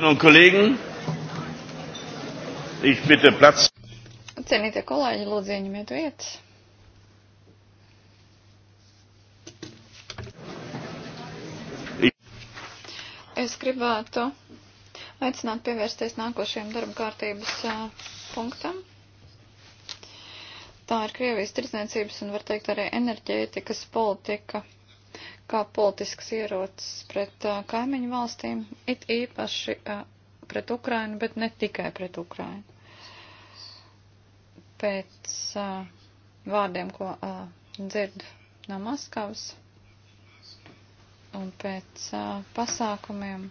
Kolleginnen und Kollegen, ich bitte Platz. Cienītie kolēģi, lūdzu, ieņemiet vietas. Es gribētu aicināt pievērsties nākošajam darba kārtības punktam. Tā ir Krievijas tirdzniecības un, var teikt, arī enerģētikas politika kā politisks ierocis pret uh, kaimiņu valstīm, it īpaši uh, pret Ukrainu, bet ne tikai pret Ukrainu. Pēc uh, vārdiem, ko uh, dzirdu no Maskavas un pēc uh, pasākumiem,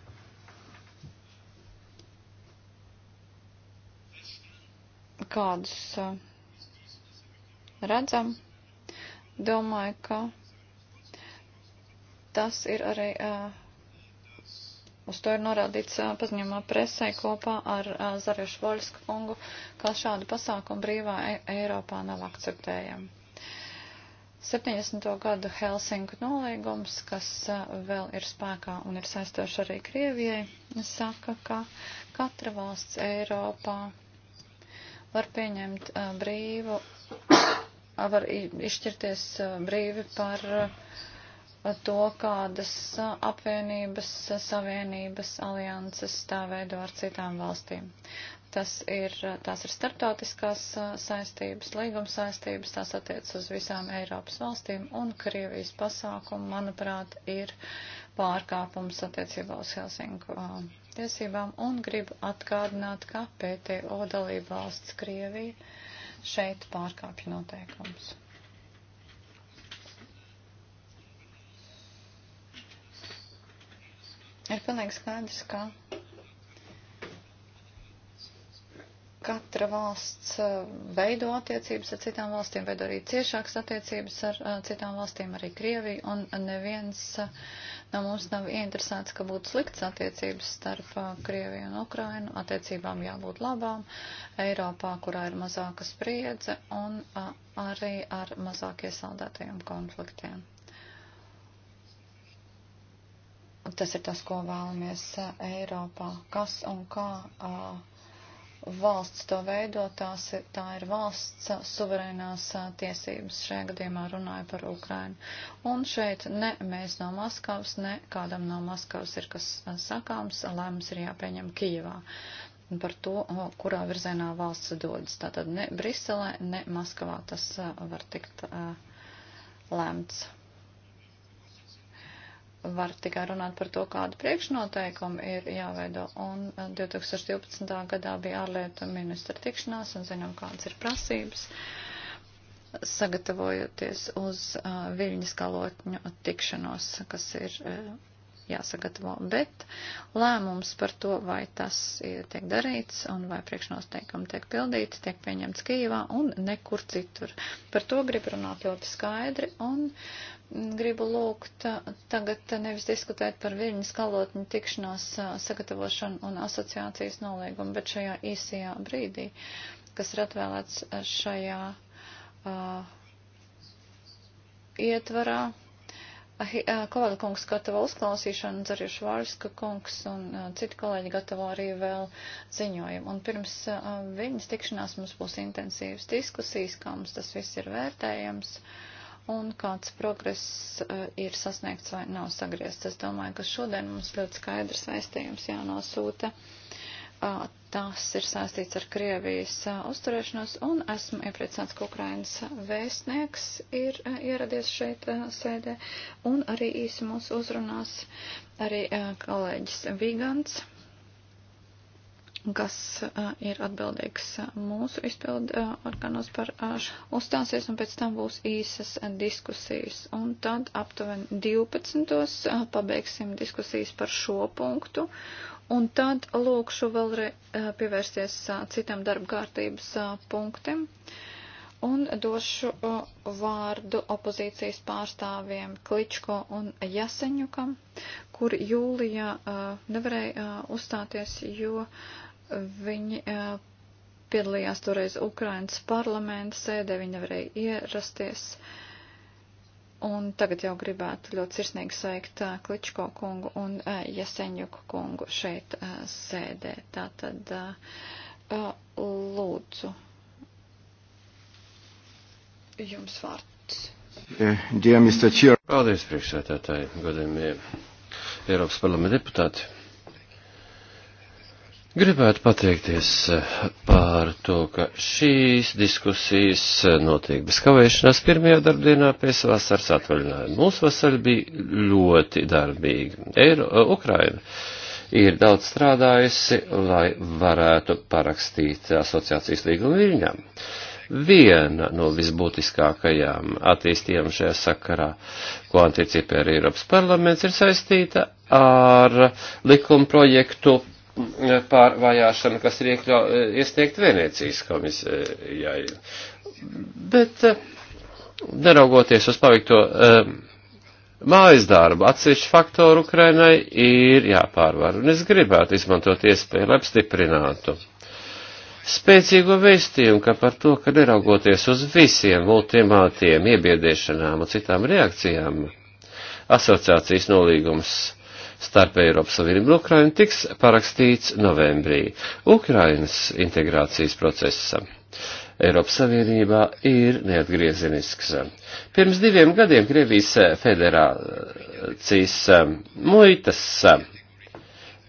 kādus uh, redzam, domāju, ka Tas ir arī, uz to ir norādīts paziņojumā presē kopā ar Zarešu Voļsku kungu, ka šādu pasākumu brīvā e, Eiropā nav akceptējama. 70. gadu Helsinku nolīgums, kas vēl ir spēkā un ir saistoši arī Krievijai, saka, ka katra valsts Eiropā var pieņemt brīvu, var izšķirties brīvi par to, kādas apvienības, savienības, alianses tā veido ar citām valstīm. Tas ir, tās ir starptautiskās saistības, līguma saistības, tās attiec uz visām Eiropas valstīm, un Krievijas pasākumu, manuprāt, ir pārkāpums attiecībā uz Helsinku tiesībām, un gribu atgādināt, ka PTO dalība valsts Krievija šeit pārkāpja noteikumus. Ir pilnīgi skaidrs, ka katra valsts uh, veido attiecības ar citām valstīm, veido arī ciešākas attiecības ar uh, citām valstīm, arī Krieviju, un neviens uh, no mums nav interesēts, ka būtu slikts attiecības starp Krieviju un Ukrainu, attiecībām jābūt labām, Eiropā, kurā ir mazāka spriedze, un arī ar mazāk iesaldētajiem konfliktiem. Tas ir tas, ko vēlamies Eiropā. Kas un kā valsts to veido, tās ir, tā ir valsts suverēnās tiesības. Šajā gadījumā runāja par Ukrainu. Un šeit ne mēs no Maskavas, ne kādam no Maskavas ir kas sakāms, lēmums ir jāpieņem Kijivā par to, kurā virzienā valsts dodas. Tātad ne Briselē, ne Maskavā tas var tikt lēmts var tikai runāt par to, kādu priekšnoteikumu ir jāveido. Un 2012. Eh, gadā bija ārlietu ministra tikšanās un zinām, kādas ir prasības. Sagatavojoties uz uh, Viļņas kalotņu tikšanos, kas ir uh, jāsagatavo, bet lēmums par to, vai tas tiek darīts un vai priekšnosteikumi tiek pildīti, tiek pieņemts Kīvā un nekur citur. Par to grib runāt ļoti skaidri un gribu lūgt tagad nevis diskutēt par viļņas kalotņu tikšanās sagatavošanu un asociācijas nolīgumu, bet šajā īsajā brīdī, kas ir atvēlēts šajā uh, ietvarā, Kovala kungs gatavo uzklausīšanu, arī Švārska kungs un uh, citi kolēģi gatavo arī vēl ziņojumu. Un pirms uh, viņas tikšanās mums būs intensīvas diskusijas, kā mums tas viss ir vērtējams un kāds progress uh, ir sasniegts vai nav sagriezts. Es domāju, ka šodien mums ļoti skaidrs vēstījums jānosūta. Uh, tas ir saistīts ar Krievijas uzturēšanos, un esmu iepriecināts, ka Ukrainas vēstnieks ir ieradies šeit sēdē, un arī īsi mūs uzrunās arī kolēģis Vigants, kas ir atbildīgs mūsu izpildu organos par uzstāsies, un pēc tam būs īsas diskusijas. Un tad aptuveni 12. pabeigsim diskusijas par šo punktu, Un tad lūkšu vēlreiz eh, pievērsties eh, citam darba kārtības eh, punktam un došu vārdu opozīcijas pārstāvjiem Kličko un Jaseņukam, kur jūlijā nevarēja uzstāties, jo viņi piedalījās toreiz Ukrainas parlamenta sēdē, viņi nevarēja ierasties. Uh, Un tagad jau gribētu ļoti sirsnīgi sveikt Kličko kungu un Jaseņjuku kungu šeit sēdē. Tātad lūdzu jums vārds. Eh, Paldies, priekšsētātāji, godējumie Eiropas parlamenta deputāti. Gribētu pateikties eh, par to, ka šīs diskusijas eh, notiek bez kavēšanās pirmajā darbdienā pēc vasaras atvaļinājuma. Mūsu vasara bija ļoti darbīga. Eiro, eh, Ukraina ir daudz strādājusi, lai varētu parakstīt asociācijas līgumu viņam. Viena no visbūtiskākajām attīstījām šajā sakarā, ko anticipē arī Eiropas parlaments, ir saistīta ar likuma projektu par vajāšanu, kas ir iekļau, iesniegt Venecijas komisijai. Bet eh, neraugoties uz paveikto eh, mājas darbu, atsevišķu faktoru Ukrainai ir jāpārvar, un es gribētu izmantot iespēju, lai apstiprinātu spēcīgo vēstījumu, ka par to, ka neraugoties uz visiem ultimātiem, iebiedēšanām un citām reakcijām, asociācijas nolīgums starp Eiropas Savienību un Ukrainu tiks parakstīts novembrī. Ukrainas integrācijas procesa Eiropas Savienībā ir neatgriezenisks. Pirms diviem gadiem Krievijas federācijas muitas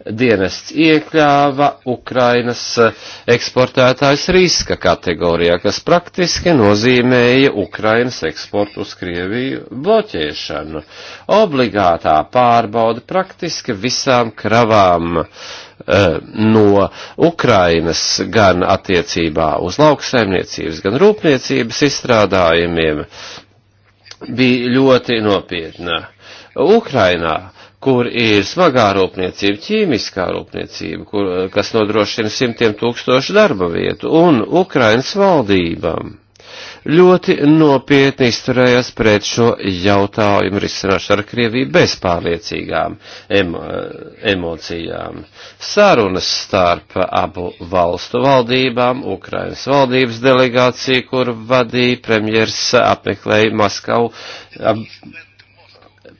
dienests iekļāva Ukrainas eksportētājs riska kategorijā, kas praktiski nozīmēja Ukrainas eksportu uz Krieviju bloķēšanu. Obligātā pārbauda praktiski visām kravām eh, no Ukrainas gan attiecībā uz lauksaimniecības, gan rūpniecības izstrādājumiem bija ļoti nopietna. Ukrainā kur ir smagā rūpniecība, ķīmiskā rūpniecība, kur, eh, kas nodrošina simtiem tūkstošu darba vietu, un Ukrainas valdībām ļoti nopietni izturējās pret šo jautājumu risināšanu ar Krieviju bez pārliecīgām emo emocijām. Sarunas starp abu valstu valdībām, Ukrainas valdības delegācija, kur vadīja premjers apmeklēja Maskavu, ap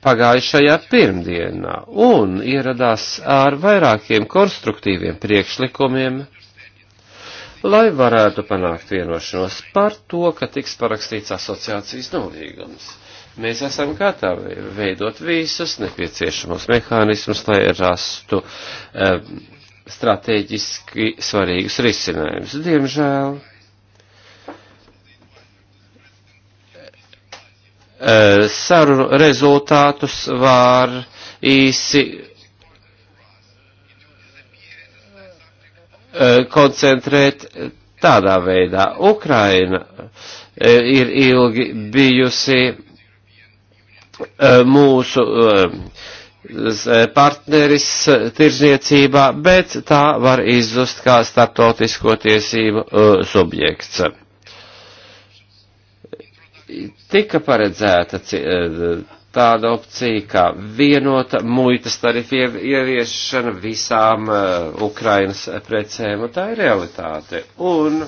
pagājušajā pirmdienā un ieradās ar vairākiem konstruktīviem priekšlikumiem, lai varētu panākt vienošanos par to, ka tiks parakstīts asociācijas nolīgums. Mēs esam gatavi veidot visus nepieciešamos mehānismus, lai rastu um, eh, stratēģiski svarīgus risinājumus. Diemžēl Eh, sarunu rezultātus var īsi eh, koncentrēt tādā veidā. Ukraina eh, ir ilgi bijusi mūsu partneris tirzniecībā, bet tā var izzust kā starptautisko tiesību subjekts tika paredzēta e, tāda opcija kā vienota muitas tarifa ieviešana visām e, Ukrainas precēm, un tā ir realitāte. Un e,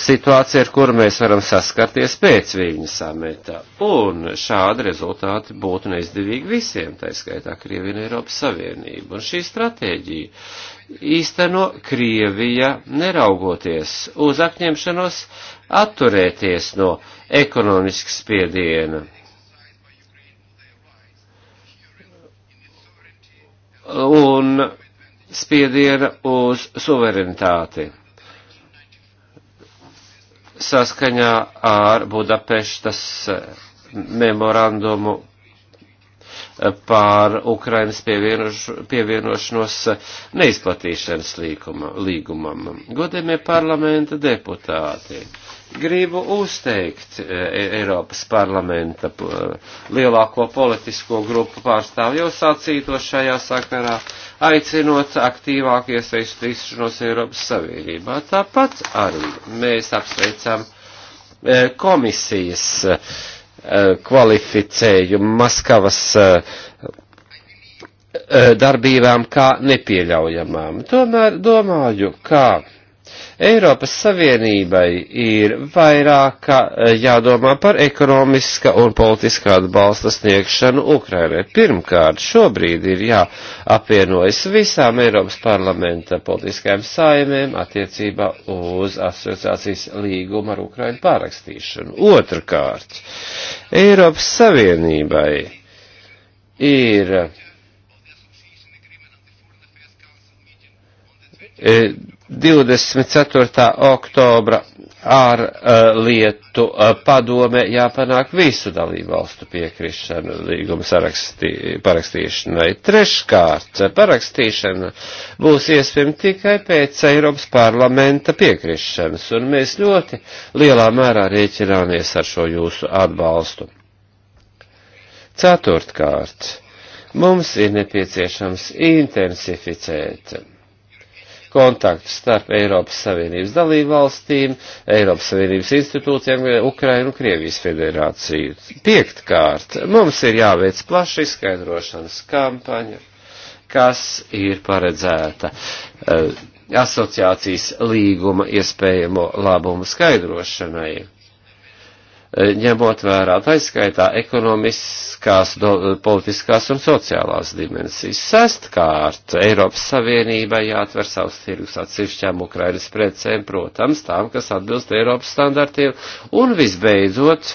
situācija, ar kuru mēs varam saskarties pēc viņa sametā. Un šādi rezultāti būtu neizdevīgi visiem, tā skaitā Krievija un Eiropas Savienība. Un šī stratēģija īsteno Krievija neraugoties uz apņemšanos atturēties no ekonomiska spiediena. Un spiediena uz suverenitāti saskaņā ar Budapeštas memorandumu pār Ukrainas pievienošanos neizplatīšanas līgumam. Godējumie parlamenta deputāti, gribu uzteikt e, e, Eiropas parlamenta e, lielāko politisko grupu pārstāvju jau sacīto šajā sakarā, aicinot aktīvāk iesaistīšanos Eiropas Savienībā. Tāpat arī mēs apsveicam komisijas kvalificējumu Maskavas darbībām kā nepieļaujamām. Tomēr domāju, kā Eiropas Savienībai ir vairāk eh, jādomā par ekonomiska un politiskā atbalsta sniegšanu Ukrainai. Pirmkārt, šobrīd ir jāapvienojas visām Eiropas parlamenta politiskajām saimēm attiecībā uz asociācijas līgumu ar Ukrainu pārakstīšanu. Otrkārt, Eiropas Savienībai ir. E, 24. oktobra ārlietu eh, eh, padome jāpanāk visu dalību valstu piekrišanu līguma sarakstī, parakstīšanai. Treškārt, eh, parakstīšana būs iespējama tikai pēc Eiropas parlamenta piekrišanas, un mēs ļoti lielā mērā rēķināmies ar šo jūsu atbalstu. Ceturtkārt, mums ir nepieciešams intensificēt kontakti starp Eiropas Savienības dalību valstīm, Eiropas Savienības institūcijām, Ukrainu, Krievijas federāciju. Piektkārt, mums ir jāveic plaša izskaidrošanas kampaņa, kas ir paredzēta eh, asociācijas līguma iespējamo labumu skaidrošanai Eh, ņemot vērā taiskaitā ekonomiskās, do, eh, politiskās un sociālās dimensijas. Sestkārt, Eiropas Savienībai jāatver savus tirgus atsevišķām Ukrainas precēm, protams, tām, kas atbilst Eiropas standartiem, un visbeidzot,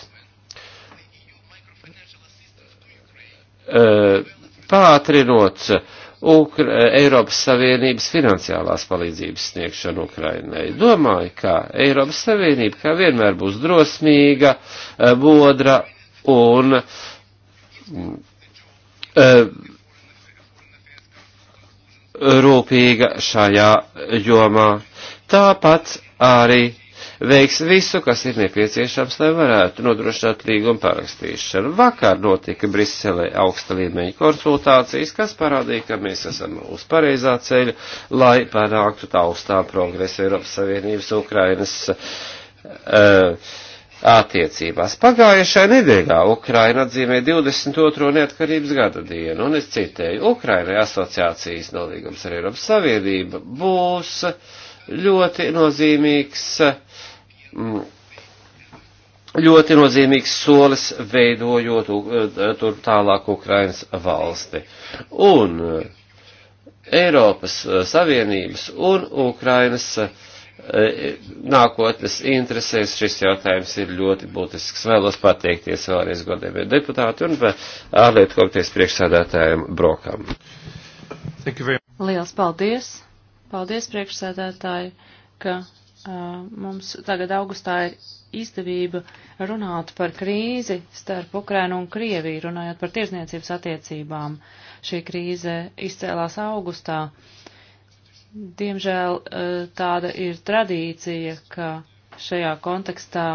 eh, pātrinot Ukra Eiropas Savienības finansiālās palīdzības sniegšanu Ukrainai. Domāju, ka Eiropas Savienība kā vienmēr būs drosmīga, bodra eh, un eh, rūpīga šajā jomā. Tāpat arī veiks visu, kas ir nepieciešams, lai varētu nodrošināt līgumu parakstīšanu. Vakar notika Briselē augsta līmeņa konsultācijas, kas parādīja, ka mēs esam uz pareizā ceļa, lai panāktu taustā progresu Eiropas Savienības Ukrainas. Uh, attiecībās. Pagājušā nedēļā Ukraina atzīmē 22. neatkarības gada dienu, un es citēju, Ukrainai asociācijas nolīgums ar Eiropas Savienību būs ļoti nozīmīgs uh, Mm. ļoti nozīmīgs solis veidojot e, tur tālāk Ukrainas valsti. Un e, Eiropas e, Savienības un Ukrainas nākotnes interesēs šis jautājums ir ļoti būtisks. Vēlos pateikties vēlreiz godējumiem deputāti un ārlietu komitejas priekšsādātājiem Brokam. Liels paldies! Paldies priekšsēdētāji, ka mums tagad augustā ir izdevība runāt par krīzi starp Ukrainu un Krieviju, runājot par tirzniecības attiecībām. Šī krīze izcēlās augustā. Diemžēl tāda ir tradīcija, ka šajā kontekstā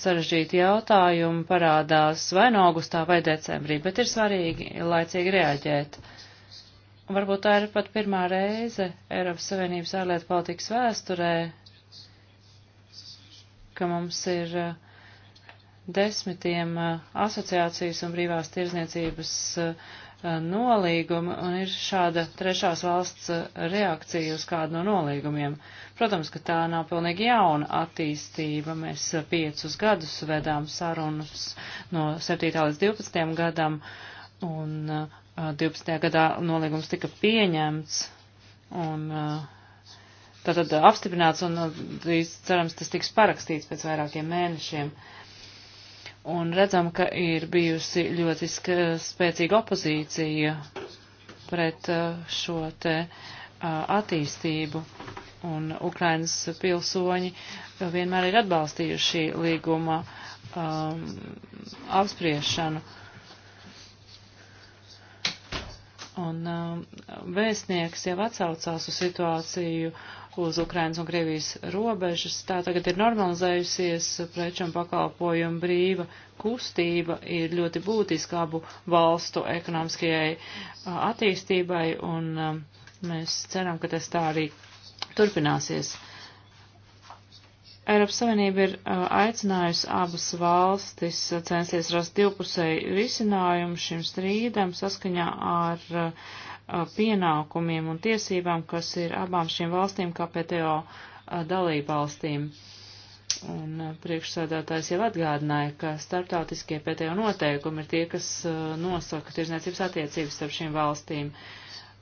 sarežģīti jautājumi parādās vai no augustā vai decembrī, bet ir svarīgi laicīgi reaģēt. Uh, Varbūt tā ir pat pirmā reize Eiropas Savienības ārlietu politikas vēsturē, ka mums ir uh, desmitiem uh, asociācijas un brīvās tirzniecības uh, nolīgumu un ir šāda trešās valsts reakcija uz kādu no nolīgumiem. Protams, ka tā nav pilnīgi jauna attīstība. Mēs piecus gadus vedām sarunas no 7. līdz 12. gadam un 12. Uh, gadā nolīgums tika pieņemts un uh, tātad apstiprināts un uh, cerams tas tiks parakstīts pēc vairākiem mēnešiem. Un redzam, ka ir bijusi ļoti spēcīga opozīcija pret šo te attīstību. Un Ukrainas pilsoņi vienmēr ir atbalstījuši līguma um, apspriešanu. Uh, Un um, vēstnieks jau atsaucās uz situāciju uz Ukrainas un Krievijas robežas. Tā tagad ir normalizējusies, preču un pakalpojumu brīva kustība ir ļoti būtiska abu valstu ekonomiskajai uh, attīstībai, un um, mēs ceram, ka tas tā arī turpināsies. Eiropas Savienība ir aicinājusi abas valstis censties rast divpusēju risinājumu šim strīdam saskaņā ar pienākumiem un tiesībām, kas ir abām šīm valstīm kā PTO dalībvalstīm. Un priekšsādātājs jau atgādināja, ka starptautiskie PTO noteikumi ir tie, kas nosaka tirzniecības attiecības starp šīm valstīm. Uh,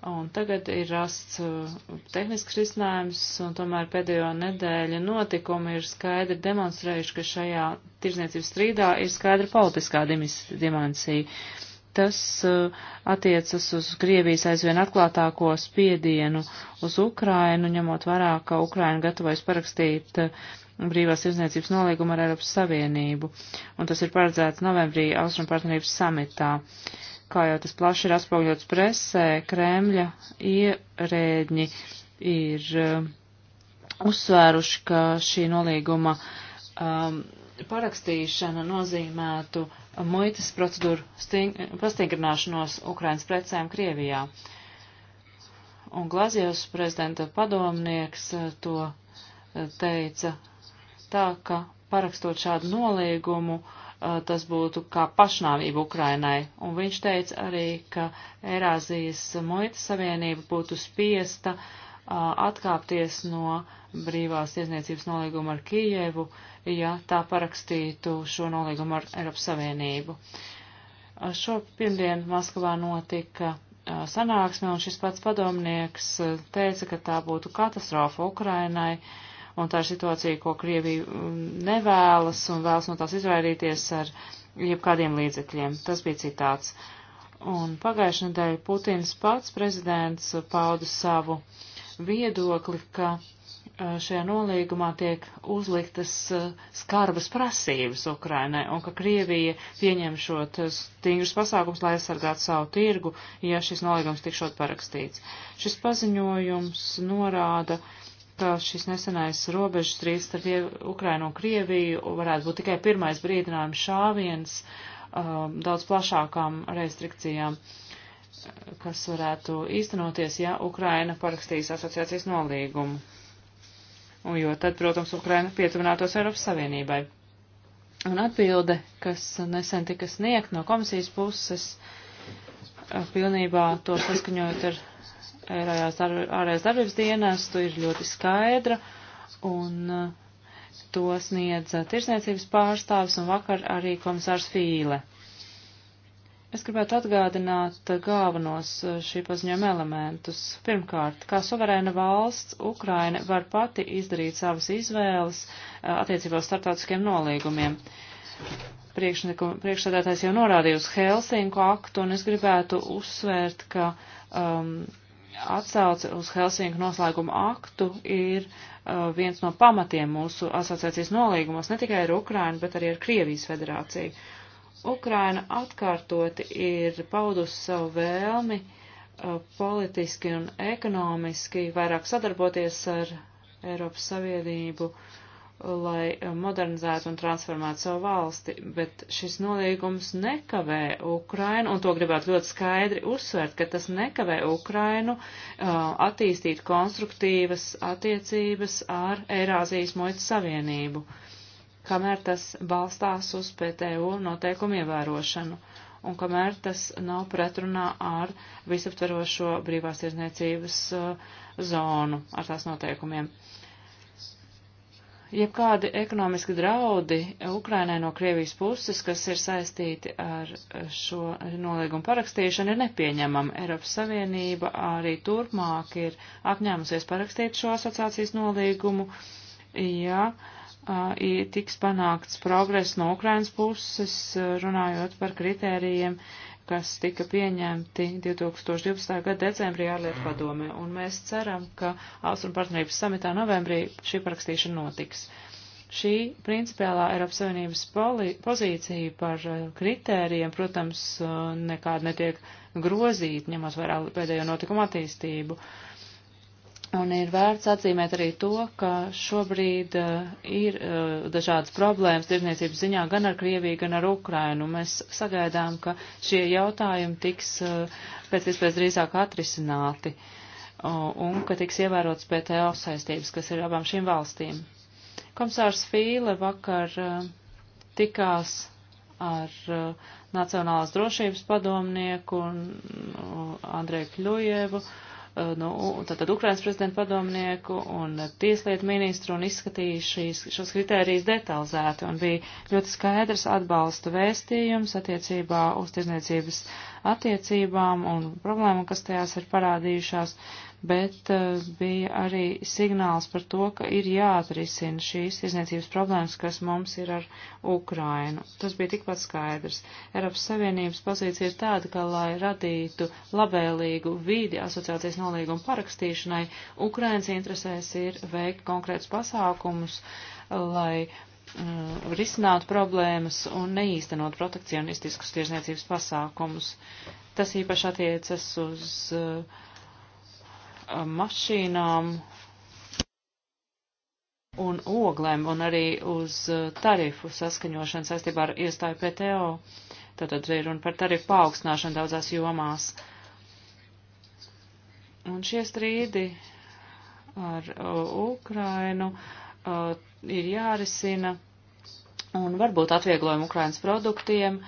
Un tagad ir rasts uh, tehnisks risinājums, un tomēr pēdējo nedēļu notikumi ir skaidri demonstrējuši, ka šajā tirzniecības strīdā ir skaidra politiskā dimensija. Tas uh, attiecas uz Krievijas aizvien atklātāko spiedienu uz Ukrainu, ņemot vērā, ka Ukraina gatavojas parakstīt uh, brīvās tirzniecības nolīgumu ar Eiropas Savienību, un tas ir paredzēts novembrī Austrum partnerības samitā kā jau tas plaši ir atspoguļots presē, Kremļa ierēdņi ir uh, uzsvēruši, ka šī nolīguma um, parakstīšana nozīmētu muitas procedūru pastiprināšanos Ukrainas precēm Krievijā. Un Glazijos prezidenta padomnieks uh, to uh, teica tā, ka parakstot šādu nolīgumu, uh, Uh, tas būtu kā pašnāvība Ukrainai. Un viņš teica arī, ka Eirāzijas muitas savienība būtu spiesta uh, atkāpties no brīvās tiesniecības nolīguma ar Kijevu, ja tā parakstītu šo nolīgumu ar Eiropas Savienību. Uh, šo pirmdienu Maskavā notika sanāksme, un šis pats padomnieks teica, ka tā būtu katastrofa Ukrainai, uh, un tā ir situācija, ko Krievija um, nevēlas un vēlas no tās izvairīties ar jebkādiem līdzekļiem. Tas bija citāts. Un pagājušajā nedēļā Putins pats prezidents pauda savu viedokli, ka uh, šajā nolīgumā tiek uzliktas uh, skarbas prasības Ukrainai un ka Krievija pieņem šot stingrus pasākums, lai aizsargātu savu tirgu, ja šis nolīgums tikšot parakstīts. Šis paziņojums norāda, ka šis nesenais robežu strīds starp Ukrainu un Krieviju varētu būt tikai pirmais brīdinājums šāviens um, daudz plašākām restrikcijām, kas varētu īstenoties, ja Ukraina parakstīs asociācijas nolīgumu. Un jo tad, protams, Ukraina pietuvinātos Eiropas Savienībai. Un atbilde, kas nesen tika sniegt no komisijas puses, uh, pilnībā to saskaņojot ar ārējās darbības dienestu ir ļoti skaidra, un uh, to sniedz uh, tirsniecības pārstāvis un vakar arī komisārs Fīle. Es gribētu atgādināt uh, galvenos šī paziņojuma elementus. Pirmkārt, kā suverēna valsts, Ukraina var pati izdarīt savas izvēles attiecībā uz starptautiskiem nolīgumiem. Priekšsēdētājs jau norādīja uz Helsinku aktu, un es gribētu uzsvērt, ka um, atsauce uz Helsinku noslēgumu aktu ir uh, viens no pamatiem mūsu asociācijas nolīgumos ne tikai ar Ukrainu, bet arī ar Krievijas federāciju. Ukraina atkārtoti ir paudusi savu vēlmi uh, politiski un ekonomiski vairāk sadarboties ar Eiropas Savienību uh, lai eh, modernizētu un transformētu savu valsti, bet šis nolīgums nekavē Ukrainu, un to gribētu ļoti skaidri uzsvērt, ka tas nekavē Ukrainu uh, attīstīt konstruktīvas attiecības ar Eirāzijas muitas savienību, kamēr tas balstās uz PTU noteikumu ievērošanu un kamēr tas nav pretrunā ar visaptverošo brīvās tirzniecības uh, zonu, ar tās noteikumiem. Uh, jebkādi ekonomiski draudi Ukrainai no Krievijas puses, kas ir saistīti ar šo nolīgumu parakstīšanu, ir nepieņemama. Eiropas Savienība arī turpmāk ir apņēmusies parakstīt šo asociācijas nolīgumu, ja tiks panākts progress no Ukrainas puses, runājot par kritērijiem, uh, kas tika pieņemti 2012. gada decembrī ārlietu padomē, un mēs ceram, ka Austrum partnerības samitā novembrī šī parakstīšana notiks. Šī principiālā Eiropas Savienības pozīcija par uh, kritērijiem, protams, uh, nekāda netiek grozīta, ņemot vairāk pēdējo notikumu attīstību. Uh, Un ir vērts atzīmēt arī to, ka šobrīd uh, ir uh, dažādas problēmas tirzniecības ziņā gan ar Krieviju, gan ar Ukrainu. Mēs sagaidām, ka šie jautājumi tiks uh, pēc iespējas drīzāk atrisināti uh, un ka tiks ievērotas PTO saistības, kas ir abām šīm valstīm. Komisārs Fīle vakar uh, tikās ar uh, Nacionālās drošības padomnieku un uh, Andreju Kļujevu. Uh, Uh, no, nu, tātad Ukrainas prezidenta padomnieku un tieslietu ministru un izskatīja šīs, šos kritērijus detalizēti un bija ļoti skaidrs atbalsta vēstījums attiecībā uz tirzniecības attiecībām un problēmu, kas tajās ir parādījušās. Uh, bet uh, bija arī signāls par to, ka ir jāatrisina šīs izniecības problēmas, kas mums ir ar Ukrainu. Tas bija tikpat skaidrs. Eiropas Savienības pozīcija ir tāda, ka, lai radītu labēlīgu vīdi asociācijas nolīgumu parakstīšanai, Ukrainas interesēs ir veikt konkrētus pasākumus, lai mm, risināt problēmas un neīstenot protekcionistiskus tirzniecības pasākumus. Tas īpaši attiecas uz uh, mašīnām un oglēm un arī uz uh, tarifu saskaņošanu saistībā ar iestāju PTO. Tātad ir runa par tarifu paaugstināšanu daudzās jomās. Un šie strīdi ar uh, Ukrainu uh, ir jārisina un varbūt atvieglojumi Ukrainas produktiem,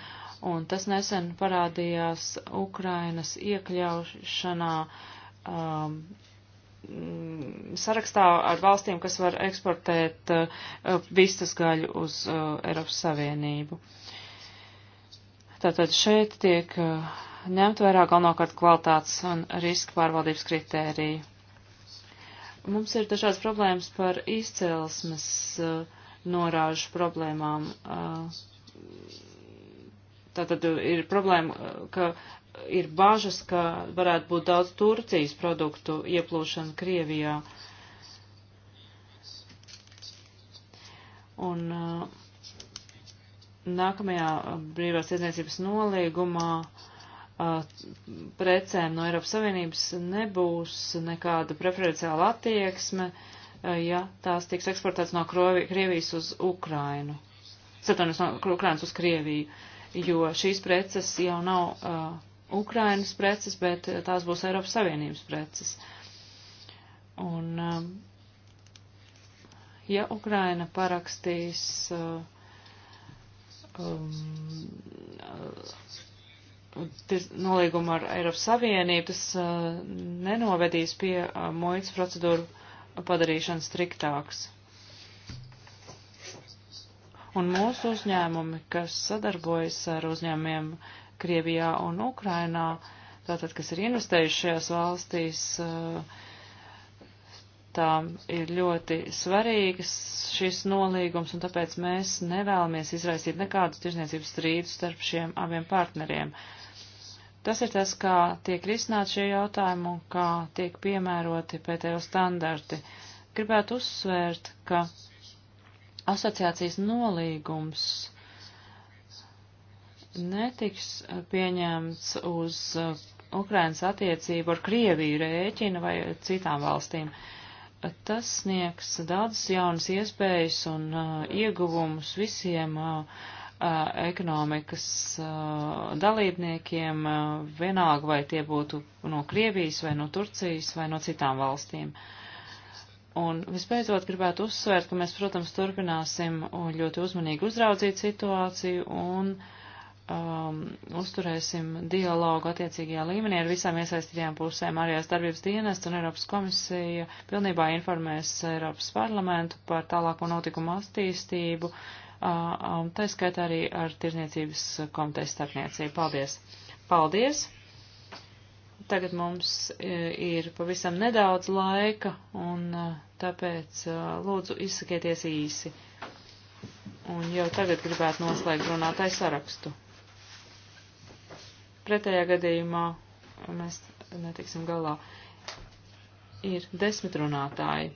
un tas nesen parādījās Ukrainas iekļaušanā uh, um, mm, sarakstā ar valstīm, kas var eksportēt uh, vistas gaļu uz uh, Eiropas Savienību. Tātad šeit tiek uh, ņemt vērā galvenokārt kvalitātes un riska pārvaldības kritēriju. Mums ir dažādas problēmas par izcelsmes uh, norāžu problēmām. Uh, tātad ir problēma, ka ir bažas, ka varētu būt daudz Turcijas produktu ieplūšana Krievijā. Un uh, nākamajā brīvās tirdzniecības nolīgumā uh, precēm no Eiropas Savienības nebūs nekāda preferenciāla attieksme, uh, ja tās tiks eksportētas no Krievijas uz Ukrainu. Satunies no Ukrainas uz Krieviju, jo šīs preces jau nav uh, Ukrainas preces, bet eh, tās būs Eiropas Savienības preces. Un, um, ja Ukraina parakstīs eh, um, eh, nolīgumu ar Eiropas Savienību, tas uh, nenovedīs pie uh, muitas procedūru padarīšanas striktāks. Un mūsu uzņēmumi, kas sadarbojas ar uzņēmumiem Krievijā un Ukrainā, tātad, kas ir investējuši šajās valstīs, eh, tā ir ļoti svarīgas šis nolīgums, un tāpēc mēs nevēlamies izraisīt nekādus tirzniecības strīdus starp šiem abiem partneriem. Tas ir tas, kā tiek risināt šie jautājumi un kā tiek piemēroti PTO standarti. Gribētu uzsvērt, ka asociācijas nolīgums netiks eh, pieņemts uz eh, Ukrainas attiecību ar Krieviju rēķina vai citām valstīm. Eh, tas sniegs daudzas jaunas iespējas un uh, ieguvumus visiem uh, ekonomikas uh, dalībniekiem, uh, vienalga vai tie būtu no Krievijas vai no Turcijas vai no citām valstīm. Un visbeidzot gribētu uzsvērt, ka mēs, protams, turpināsim ļoti uzmanīgi uzraudzīt situāciju un uh, um, uzturēsim dialogu attiecīgajā līmenī ar visām iesaistītajām pusēm. Ārējās darbības dienests un Eiropas komisija pilnībā informēs Eiropas parlamentu par tālāko notikumu attīstību, um, tā skaitā arī ar tirzniecības komitejas starpniecību. Paldies! Paldies! Tagad mums e, ir pavisam nedaudz laika, un e, tāpēc e, lūdzu izsakieties īsi. Un jau tagad gribētu noslēgt runātāju sarakstu. Pretējā gadījumā mēs netiksim galā. Ir desmit runātāji.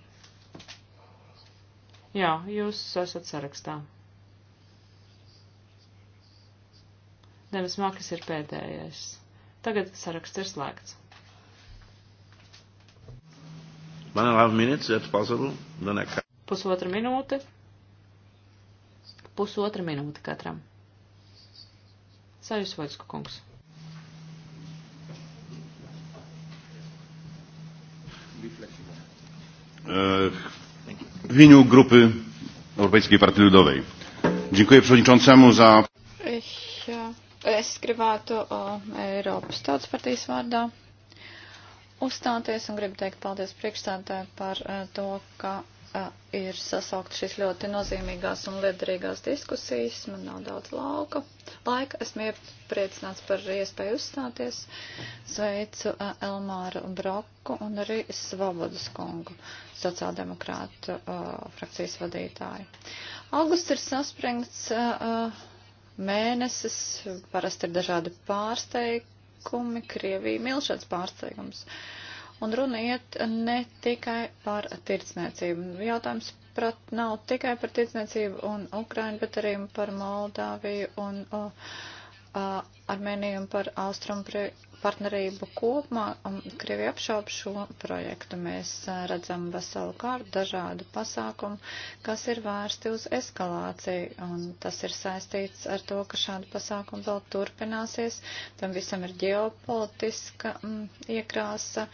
Jā, jūs esat sarakstā. Demis Makis ir pēdējais. Tagad saraksts ir slēgts. One and a half minutes, that's possible. Then I can... Pusotra minūte. Pusotra minūte katram. Sajus Vojtsku kungs. W imieniu Grupy Europejskiej Partii Ludowej dziękuję przewodniczącemu za. Ich, es gribētu Eiropas Tautas partijas vārdā uzstāties un gribu teikt paldies priekšstādātāju par e, to, ka ir sasaukt šīs ļoti nozīmīgās un liederīgās diskusijas. Man nav daudz lauka. laika. Esmu iepriecināts par iespēju uzstāties. Sveicu Elmāru Broku un arī Svobodas kungu, sociāldemokrātu uh, frakcijas vadītāju. Augusts ir saspringts uh, mēnesis, parasti ir dažādi pārsteigumi, Krievija milšāds pārsteigums. Uh, Un runa iet ne tikai par tirdzniecību. Jautājums prat, nav tikai par tirdzniecību un Ukrainu, bet arī par Moldāviju un uh, Armēniju un par Austrumu partnerību kopumā Krievija apšauba šo projektu. Mēs redzam veselu kārtu dažādu pasākumu, kas ir vērsti uz eskalāciju, un tas ir saistīts ar to, ka šādi pasākumi vēl turpināsies. Tam visam ir ģeopolitiska m, mm, iekrāsa.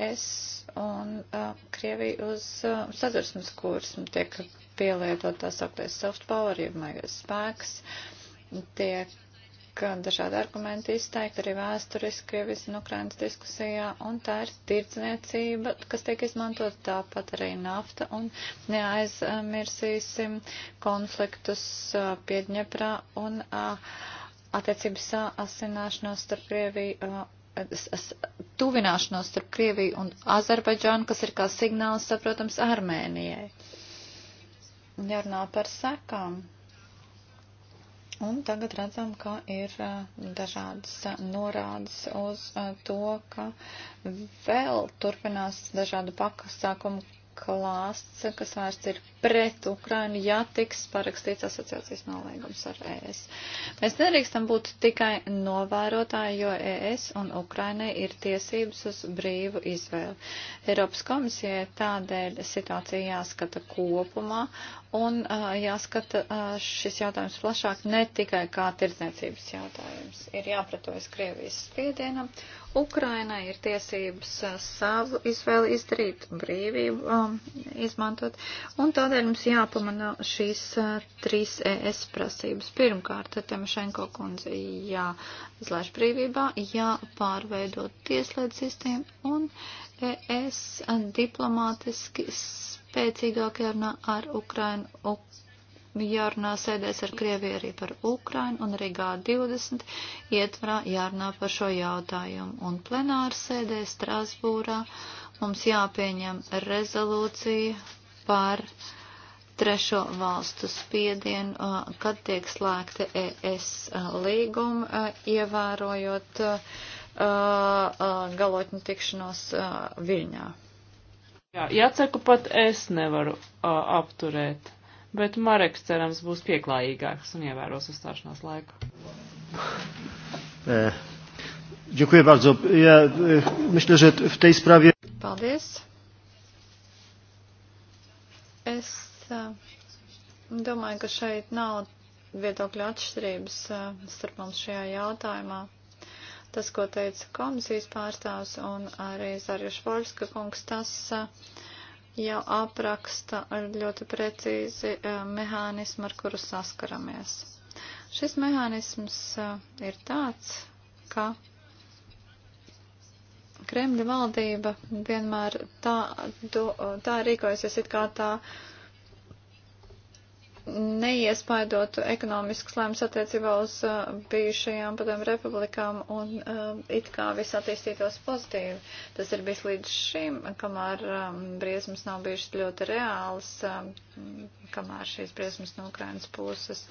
Es un uh, Krievija uz uh, sadursmes kursu tiek pielietot tā sauktais soft power, jeb maigais spēks, tiek dažādi argumenti izteikti arī vēsturiski visam Ukrainas diskusijā, un tā ir tirdzniecība, kas tiek izmantot tāpat arī nafta, un neaizmirsīsim konfliktus Piedņeprā un attiecības asināšanos starp Krieviju tuvināšanos starp Krieviju un Azerbaidžānu, kas ir kā signāls, saprotams, Armēnijai. Jārunā par sekām. Un tagad redzam, ka ir dažādas norādes uz to, ka vēl turpinās dažādu pakasākumu klāsts, kas vērsts ir pret Ukrainu, ja tiks parakstīts asociācijas nolīgums ar ES. Mēs nedrīkstam būt tikai novērotāji, jo ES un Ukrainai ir tiesības uz brīvu izvēli. Eiropas komisijai tādēļ situācija jāskata kopumā un uh, jāskata uh, šis jautājums plašāk, ne tikai kā tirdzniecības jautājums. Ir jāpratojas Krievijas spiedienam. Ukrainai ir tiesības uh, savu izvēli izdarīt, brīvību um, izmantot. Un tā tādēļ mums jāpamana šīs trīs ES prasības. Pirmkārt, Temašenko kundze jāizlaiž brīvībā, jāpārveido tieslietu sistēmu un ES diplomātiski spēcīgāk jārunā ar Ukrainu. Jārunā sēdēs ar Krieviju arī par Ukrainu un arī G20 ietvarā jārunā par šo jautājumu. Un plenāra sēdē Strasbūrā mums jāpieņem rezolūcija par uh, trešo valstu spiedienu, kad tiek slēgta ES līguma, ievērojot galotņu tikšanos Viļņā. Jā, jāceku pat es nevaru apturēt, bet Mareks cerams būs pieklājīgāks un ievēros uzstāšanās laiku. E, dziękuję bardzo. Ja e, myślę, że w tej sprawie. Paldies. Es domāju, ka šeit nav viedokļu atšķirības starp mums šajā jautājumā. Tas, ko teica komisijas pārstāvs un arī Zārjuša Volska kungs, tas jau apraksta ļoti precīzi mehānismu, ar kuru saskaramies. Šis mehānisms ir tāds, ka Kremļa valdība vienmēr tā, tā rīkojasies, it kā tā uh, neiespaidotu ekonomiskas lēmas attiecībā uz uh, bijušajām padomu republikām un uh, it kā viss attīstītos pozitīvi. Tas ir bijis līdz šim, kamēr um, briesmas nav bijušas ļoti reālas, um, kamēr šīs briesmas no Ukrainas puses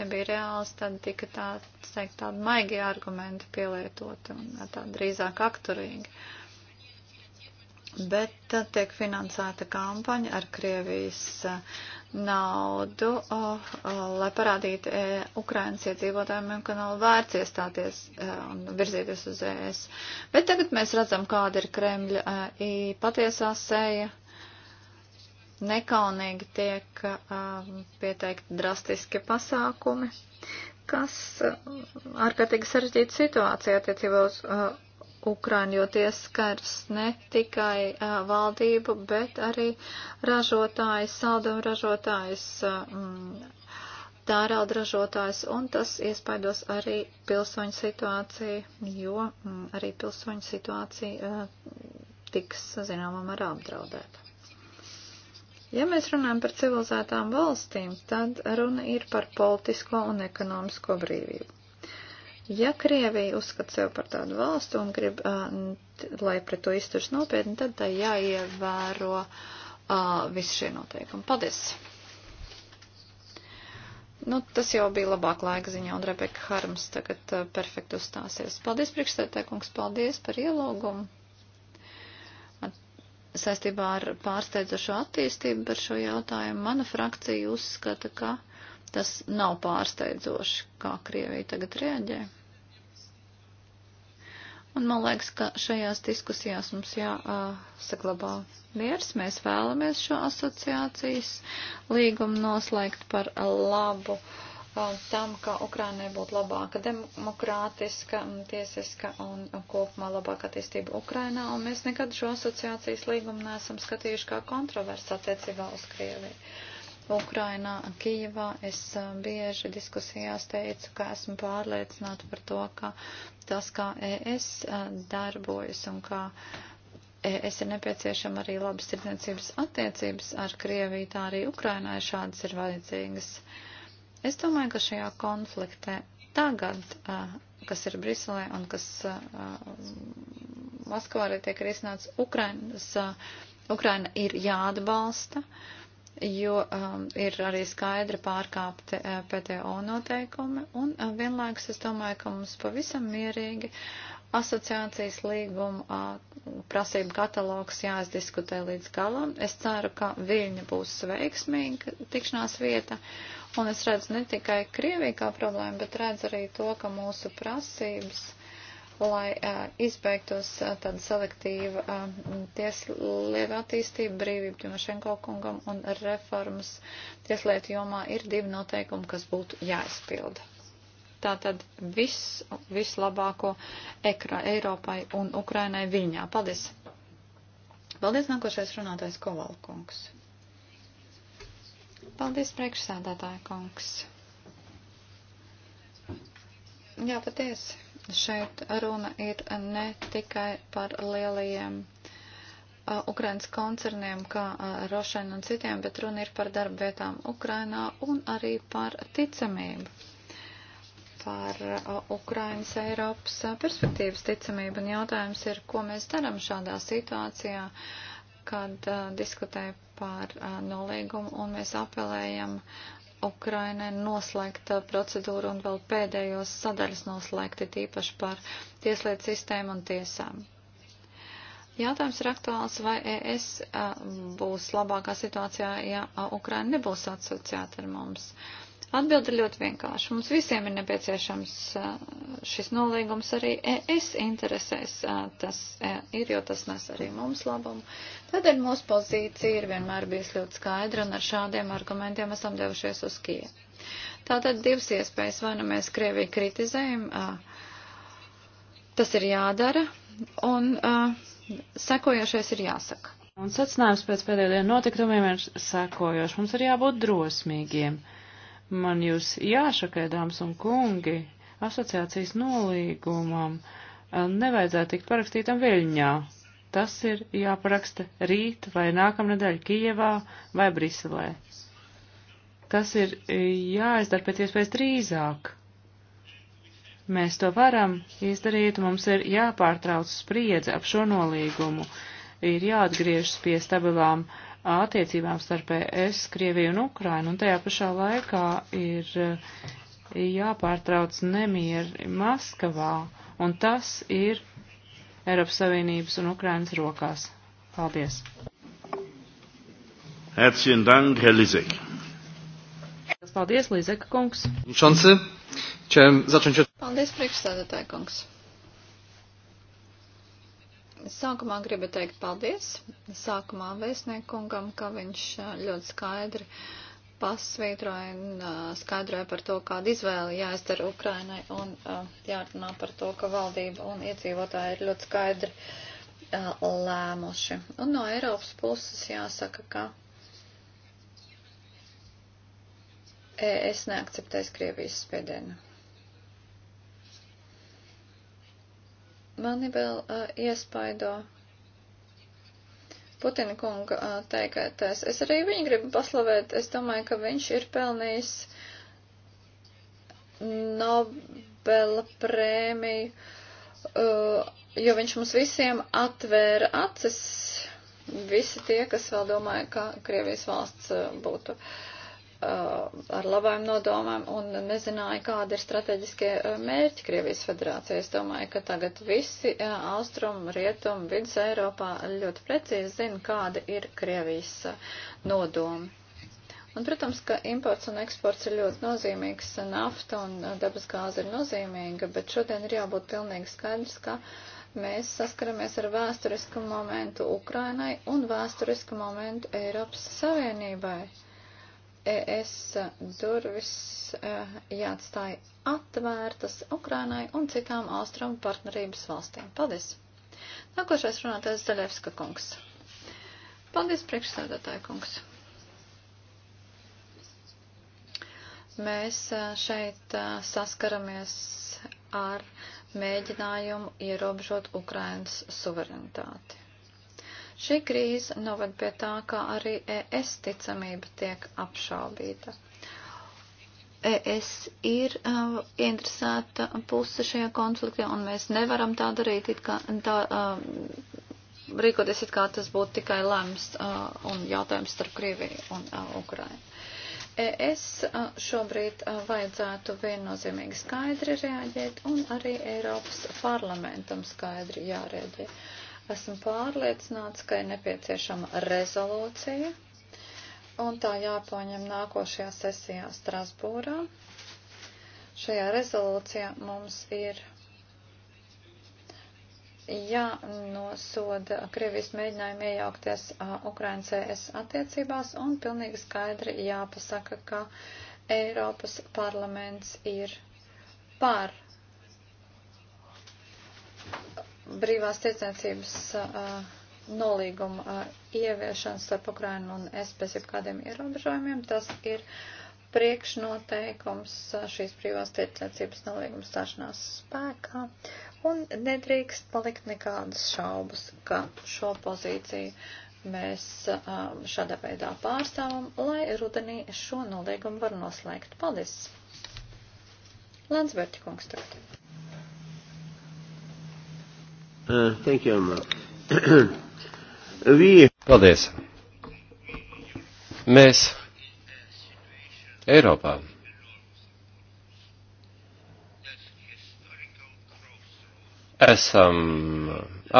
nebija reālas, tad tika tā, teikt, tādi maigi argumenti pielietoti un uh, tā drīzāk akturīgi. Uh, bet tiek finansēta kampaņa ar Krievijas uh, naudu, oh, oh, lai parādītu e, Ukrainas iedzīvotājiem, ka nav vērts iestāties e, un virzīties uz ES. Bet tagad mēs redzam, kāda ir Kremļa e, patiesā sēja. Nekaunīgi tiek e, pieteikti drastiski pasākumi, kas e, ārkārtīgi sarežģīta situācija attiecībā uz. E, Ukraina, jo tie skars ne tikai uh, valdību, bet arī ražotājs, saldumu ražotājs, mm, tērauda ražotājs, un tas iespaidos arī pilsoņu situāciju, jo mm, arī pilsoņu situācija uh, tiks, zināmā mērā, apdraudēta. Ja mēs runājam par civilizētām valstīm, tad runa ir par politisko un ekonomisko brīvību. Ja Krievija uzskata sevi par tādu valstu un grib, lai pret to izturst nopietni, tad tā jāievēro visi šie noteikumi. Paldies! Nu, tas jau bija labāk laika ziņā, un Rebeka Harms tagad uh, perfekti uzstāsies. Paldies, priekšstādēkungs, paldies par ielūgumu. At, saistībā ar pārsteidzošo attīstību par šo jautājumu mana frakcija uzskata, ka Tas nav pārsteidzoši, kā Krievija tagad rēģē. Un man liekas, ka šajās diskusijās mums jāsaglabā miers. Mēs vēlamies šo asociācijas līgumu noslēgt par labu tam, ka Ukrainai būtu labāka demokrātiska, tiesiska un kopumā labāka attīstība Ukrainā, un mēs nekad šo asociācijas līgumu neesam skatījuši kā kontroversu attiecībā uz Krieviju. Ukrainā, Kijavā. Es bieži diskusijās teicu, ka esmu pārliecināta par to, ka tas, kā ES darbojas un kā ES ir nepieciešama arī labas tirdzniecības attiecības ar Krieviju, tā arī Ukrainai šādas ir vajadzīgas. Es domāju, ka šajā konfliktē tagad, kas ir Briselē un kas Maskavā arī tiek risināts, Ukrainas, Ukraina ir jāatbalsta. Uh, jo um, ir arī skaidri pārkāpti uh, PTO noteikumi, un uh, vienlaikus es domāju, ka mums pavisam mierīgi asociācijas līguma uh, prasību katalogs jāizdiskutē līdz galam. Es ceru, ka Viļņa būs veiksmīga tikšanās vieta, un es redzu ne tikai Krieviju kā problēmu, bet redzu arī to, ka mūsu prasības. Uh, lai uh, izbeigtos uh, tāda selektīva uh, tieslietu attīstība, brīvība Timošenko kungam un reformas tieslietu jomā ir divi noteikumi, kas būtu jāizpilda. Tātad viss, vislabāko ekra Eiropai un Ukrainai viņā. Paldies! Paldies, nākošais runātais Kovalkungs. Paldies, priekšsēdētāja kungs. Jā, patiesi Šeit runa ir ne tikai par lielajiem Ukrainas koncerniem, kā Rošain un citiem, bet runa ir par darba vietām Ukrainā un arī par ticamību, par Ukrainas Eiropas perspektīvas ticamību. Un jautājums ir, ko mēs darām šādā situācijā, kad diskutē par nolīgumu un mēs apelējam Ukrainai noslēgt uh, procedūru un vēl pēdējos sadaļas noslēgti tīpaši par tieslietu sistēmu un tiesām. Jautājums ir aktuāls, vai ES uh, būs labākā situācijā, ja uh, Ukraina nebūs asociēta ar mums. Uh, Atbildi ir ļoti vienkārši. Mums visiem ir nepieciešams šis nolīgums arī ES interesēs. Tas ir, jo tas nes arī mums labumu. Tādēļ mūsu pozīcija ir vienmēr bijusi ļoti skaidra un ar šādiem argumentiem esam devušies uz Kiju. Tātad divas iespējas. Vai nu mēs Krieviju kritizējam, tas ir jādara, un sekojošais ir jāsaka. Un secinājums pēc pēdējiem notikumiem ir sekojošs. Mums ir jābūt drosmīgiem. Uh, Man jūs jāšakē, dāmas un kungi, asociācijas nolīgumam eh, nevajadzētu tikt parakstītam Viļņā. Tas ir jāparaksta rīt vai nākamnedēļ Kijevā vai Briselē. Tas ir eh, jāizdara pēc iespējas drīzāk. Mēs to varam izdarīt, mums ir jāpārtrauc spriedze ap šo nolīgumu ir jāatgriežas pie stabilām attiecībām starp ES, Krieviju un Ukrainu, un tajā pašā laikā ir eh, jāpārtrauc nemieri Maskavā, un tas ir Eiropas Savienības un Ukrainas rokās. Paldies! Herzlichen Dank, Herr Lisek. Paldies, Līzeka kungs. Šansi. Čem začneš. Paldies, priekšstādātāja kungs. Sākumā gribu teikt paldies sākumā vēstniekungam, ka viņš ļoti skaidri pasvītroja un skaidroja par to, kāda izvēle jāizdara Ukrainai un jārunā par to, ka valdība un iedzīvotāji ir ļoti skaidri lēmuši. Un no Eiropas puses jāsaka, ka es neakceptēju Krievijas spiedienu. Mani vēl uh, iespaido Putina kunga uh, teikētais. Es arī viņu gribu paslavēt. Es domāju, ka viņš ir pelnījis Nobela prēmiju, uh, jo viņš mums visiem atvēra acis. Visi tie, kas vēl domāja, ka Krievijas valsts uh, būtu. Uh, Uh, ar labām nodomām un nezināja, kāda ir strateģiskie uh, mērķi Krievijas federācija. Es domāju, ka tagad visi uh, austrumu, rietumu, vidus Eiropā ļoti precīzi zina, kāda ir Krievijas nodoma. Un, protams, ka imports un eksports ir ļoti nozīmīgs, nafta un dabasgāze ir nozīmīga, bet šodien ir jābūt pilnīgi skaidrs, ka mēs saskaramies ar vēsturisku momentu Ukrainai un vēsturisku momentu Eiropas Savienībai. ES durvis e, jāatstāj atvērtas Ukrainai un citām austrumu partnerības valstīm. Paldies! Nākošais runātais Zaļevska kungs. Paldies, priekšsēdētāja kungs! Mēs e, šeit e, saskaramies ar mēģinājumu ierobežot Ukrainas suverenitāti. Šī krīze noved pie tā, ka arī ES ticamība tiek apšaubīta. ES ir uh, interesēta puse šajā konfliktā, un mēs nevaram tā darīt, it kā tā, uh, rīkoties it kā tas būtu tikai lēms uh, un jautājums starp Krieviju un uh, Ukrainu. ES uh, šobrīd uh, vajadzētu viennozīmīgi skaidri reaģēt, un arī Eiropas parlamentam skaidri jārēģē. Uh, Esmu pārliecināts, ka ir nepieciešama rezolūcija, un tā jāpaņem nākošajā sesijā Strasbūrā. Šajā rezolūcijā mums ir jānosoda Krievijas mēģinājumi iejaukties Ukrainas ES attiecībās un pilnīgi skaidri jāpasaka, ka Eiropas parlaments ir par brīvās tirdzniecības nolīguma ieviešana starp Ukrainu un es bez jebkādiem ierobežojumiem. Tas ir priekšnoteikums šīs brīvās tirdzniecības nolīguma stāšanās spēkā, un nedrīkst palikt nekādas šaubas, ka šo pozīciju mēs šādā veidā pārstāvam, lai rudenī šo nolīgumu var noslēgt. Paldies! Landsbergi kungs tagad. Uh, thank you, Emma. We... Paldies. Mēs Eiropā esam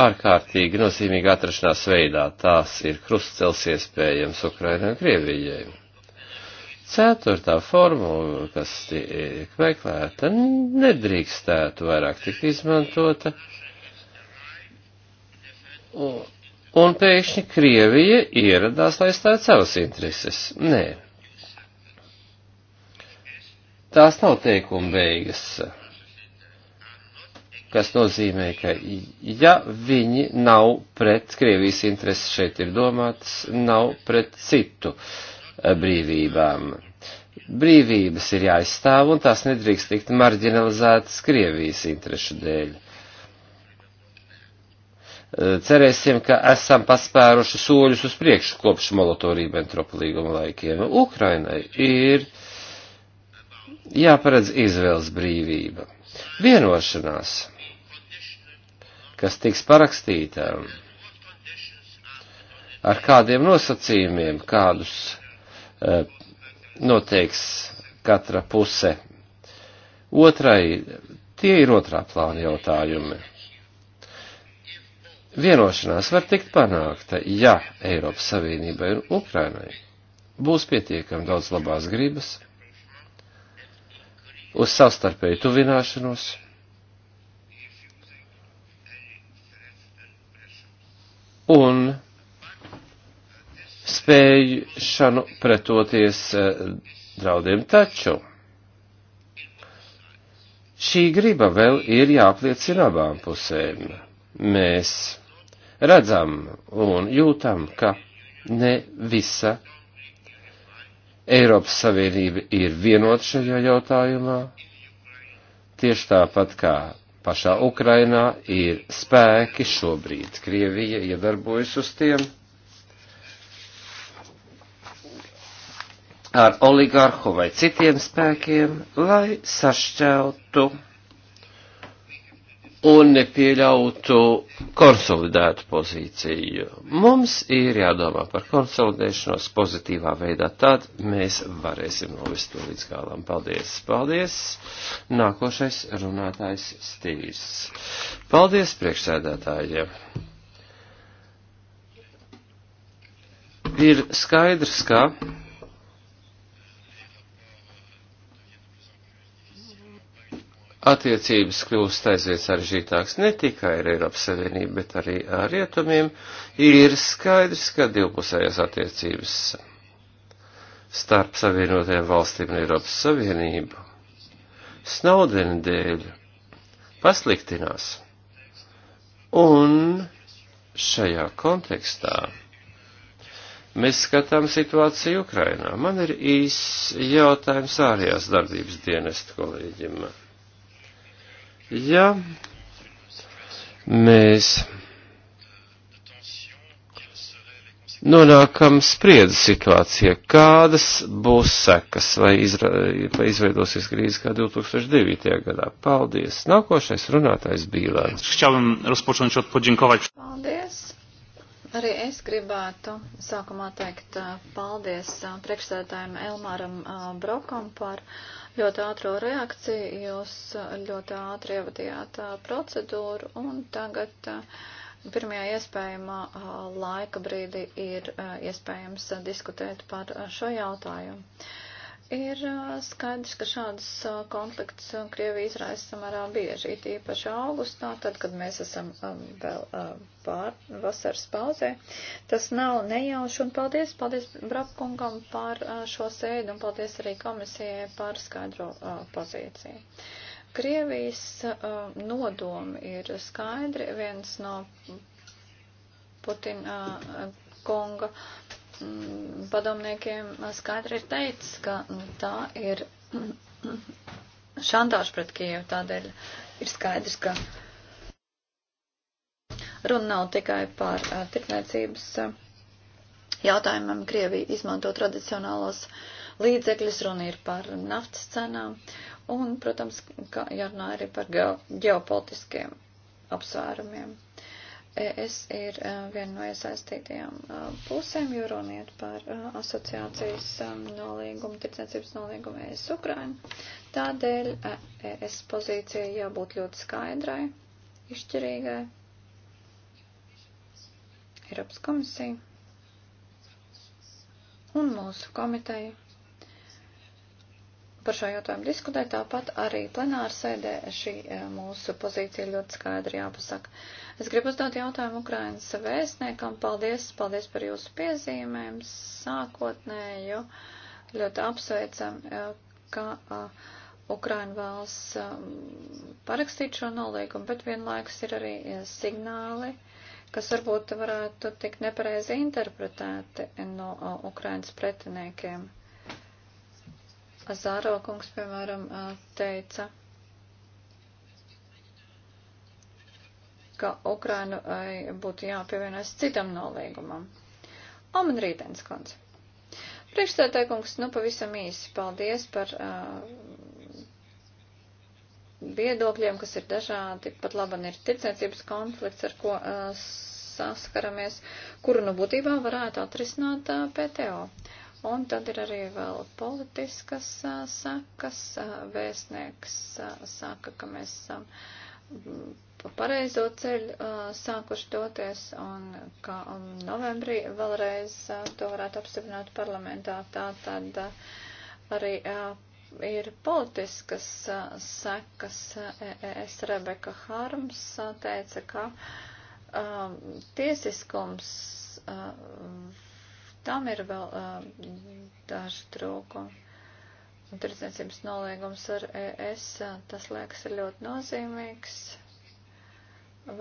ārkārtīgi nozīmīgi atrašanās veidā. Tās ir krustcels iespējams Ukrainai un Krievijai. Ceturtā formula, kas tiek meklēta, nedrīkstētu vairāk tikt izmantota. Uh, Un, un pēkšņi Krievija ieradās, lai stāvētu savas intereses. Nē. Tās nav teikuma beigas kas nozīmē, ka ja viņi nav pret Krievijas intereses šeit ir domāts, nav pret citu eh, brīvībām. Brīvības ir jāizstāv un tās nedrīkst tikt marginalizētas Krievijas interešu dēļ cerēsim, ka esam paspēruši soļus uz priekšu kopš Molotorībentropa līguma laikiem. Ukrainai ir jāparedz izvēles brīvība. Vienošanās, kas tiks parakstīta, ar kādiem nosacījumiem, kādus eh, noteiks katra puse. Otrai, tie ir otrā plāna jautājumi vienošanās var tikt panākta, ja Eiropas Savienībai un Ukrainai būs pietiekami daudz labās gribas uz savstarpēju tuvināšanos. Un spēju šanu pretoties eh, draudiem taču. Šī griba vēl ir jāpliecina abām pusēm. Mēs redzam un jūtam, ka ne visa Eiropas Savienība ir vienota šajā jautājumā, tieši tāpat kā pašā Ukrainā ir spēki šobrīd. Krievija iedarbojas uz tiem ar oligarhu vai citiem spēkiem, lai sašķeltu un nepieļautu konsolidētu pozīciju. Mums ir jādomā par konsolidēšanos pozitīvā veidā, tad mēs varēsim novest to līdz galam. Paldies! Paldies! Nākošais runātājs Stīvs. Paldies priekšsēdētājiem! Ir skaidrs, ka attiecības kļūst aizvien sarežģītākas ne tikai ar Eiropas Savienību, bet arī ar rietumiem, ir skaidrs, ka divpusējās attiecības starp Savienotajām valstīm un Eiropas Savienību Snaudena dēļ pasliktinās. Un šajā kontekstā mēs skatām situāciju Ukrainā. Man ir īs jautājums ārējās darbības dienesta kolēģim. Ja mēs nonākam spriedzes situācijā, kādas būs sekas, vai, izra, vai izveidosies krīze kā 2009. gadā. Paldies! Nākošais runātājs Bīlēns. Paldies! Arī es gribētu sākumā teikt paldies priekšsēdētājiem Elmāram Brokam par ļoti ātro reakciju, jūs ļoti ātri ievadījāt procedūru un tagad pirmajā iespējamā laika brīdī ir iespējams diskutēt par šo jautājumu. Ir skaidrs, ka šādas konflikts Krievija izraisa samērā bieži, it īpaši augustā, tad, kad mēs esam vēl pār vasaras pauzē. Tas nav nejauši, un paldies, paldies Brapkungam par šo sēdu, un paldies arī komisijai par skaidro pozīciju. Krievijas nodomi ir skaidri, viens no Putina konga Mm, padomniekiem skaidri ir teicis, ka mm, tā ir šantāža pret Kievu. Tādēļ ir skaidrs, ka runa nav tikai par tirdzniecības jautājumiem. Krievija izmanto tradicionālos līdzekļus, runa ir par naftas cenām un, protams, jārunā arī par geopolitiskiem apsvērumiem. ES ir uh, viena no iesaistītajām uh, pusēm, jo runiet par uh, asociācijas um, nolīgumu, tirdzniecības nolīgumu ES Ukraina. Tādēļ ES pozīcija jābūt ļoti skaidrai, izšķirīgai. Eiropas komisija un mūsu komiteja par šo jautājumu diskutēt, tāpat arī plenāra sēdē šī e, mūsu pozīcija ļoti skaidri jāpasaka. Es gribu uzdot jautājumu Ukrainas vēstniekam. Paldies, paldies par jūsu piezīmēm sākotnēju. Ļoti apsveicam, e, ka e, Ukraina vēlas parakstīt šo nolīgumu, bet vienlaikus ir arī signāli kas varbūt varētu tikt nepareizi interpretēti no Ukrainas pretiniekiem. Uh, Azāro kungs, piemēram, teica, ka Ukrainu būtu jāpievienojas citam nolīgumam. Oman Rītens kundze. Priekšstādā kungs, nu pavisam īsi paldies par uh, viedokļiem, kas ir dažādi, pat laban ir ticēcības konflikts, ar ko uh, saskaramies, kuru nu būtībā varētu atrisināt uh, PTO. Un tad ir arī vēl politiskas sakas. Vēstnieks saka, ka mēs esam pa pareizo ceļu sākuši doties un ka um, novembrī vēlreiz to varētu apstiprināt parlamentā. Tā tad arī ir politiskas sekas. E, e, es Rebeka Harms teica, ka tiesiskums Tam ir vēl uh, daži trūkumi. Un tirdzniecības nolīgums ar ES, tas liekas, ir ļoti nozīmīgs.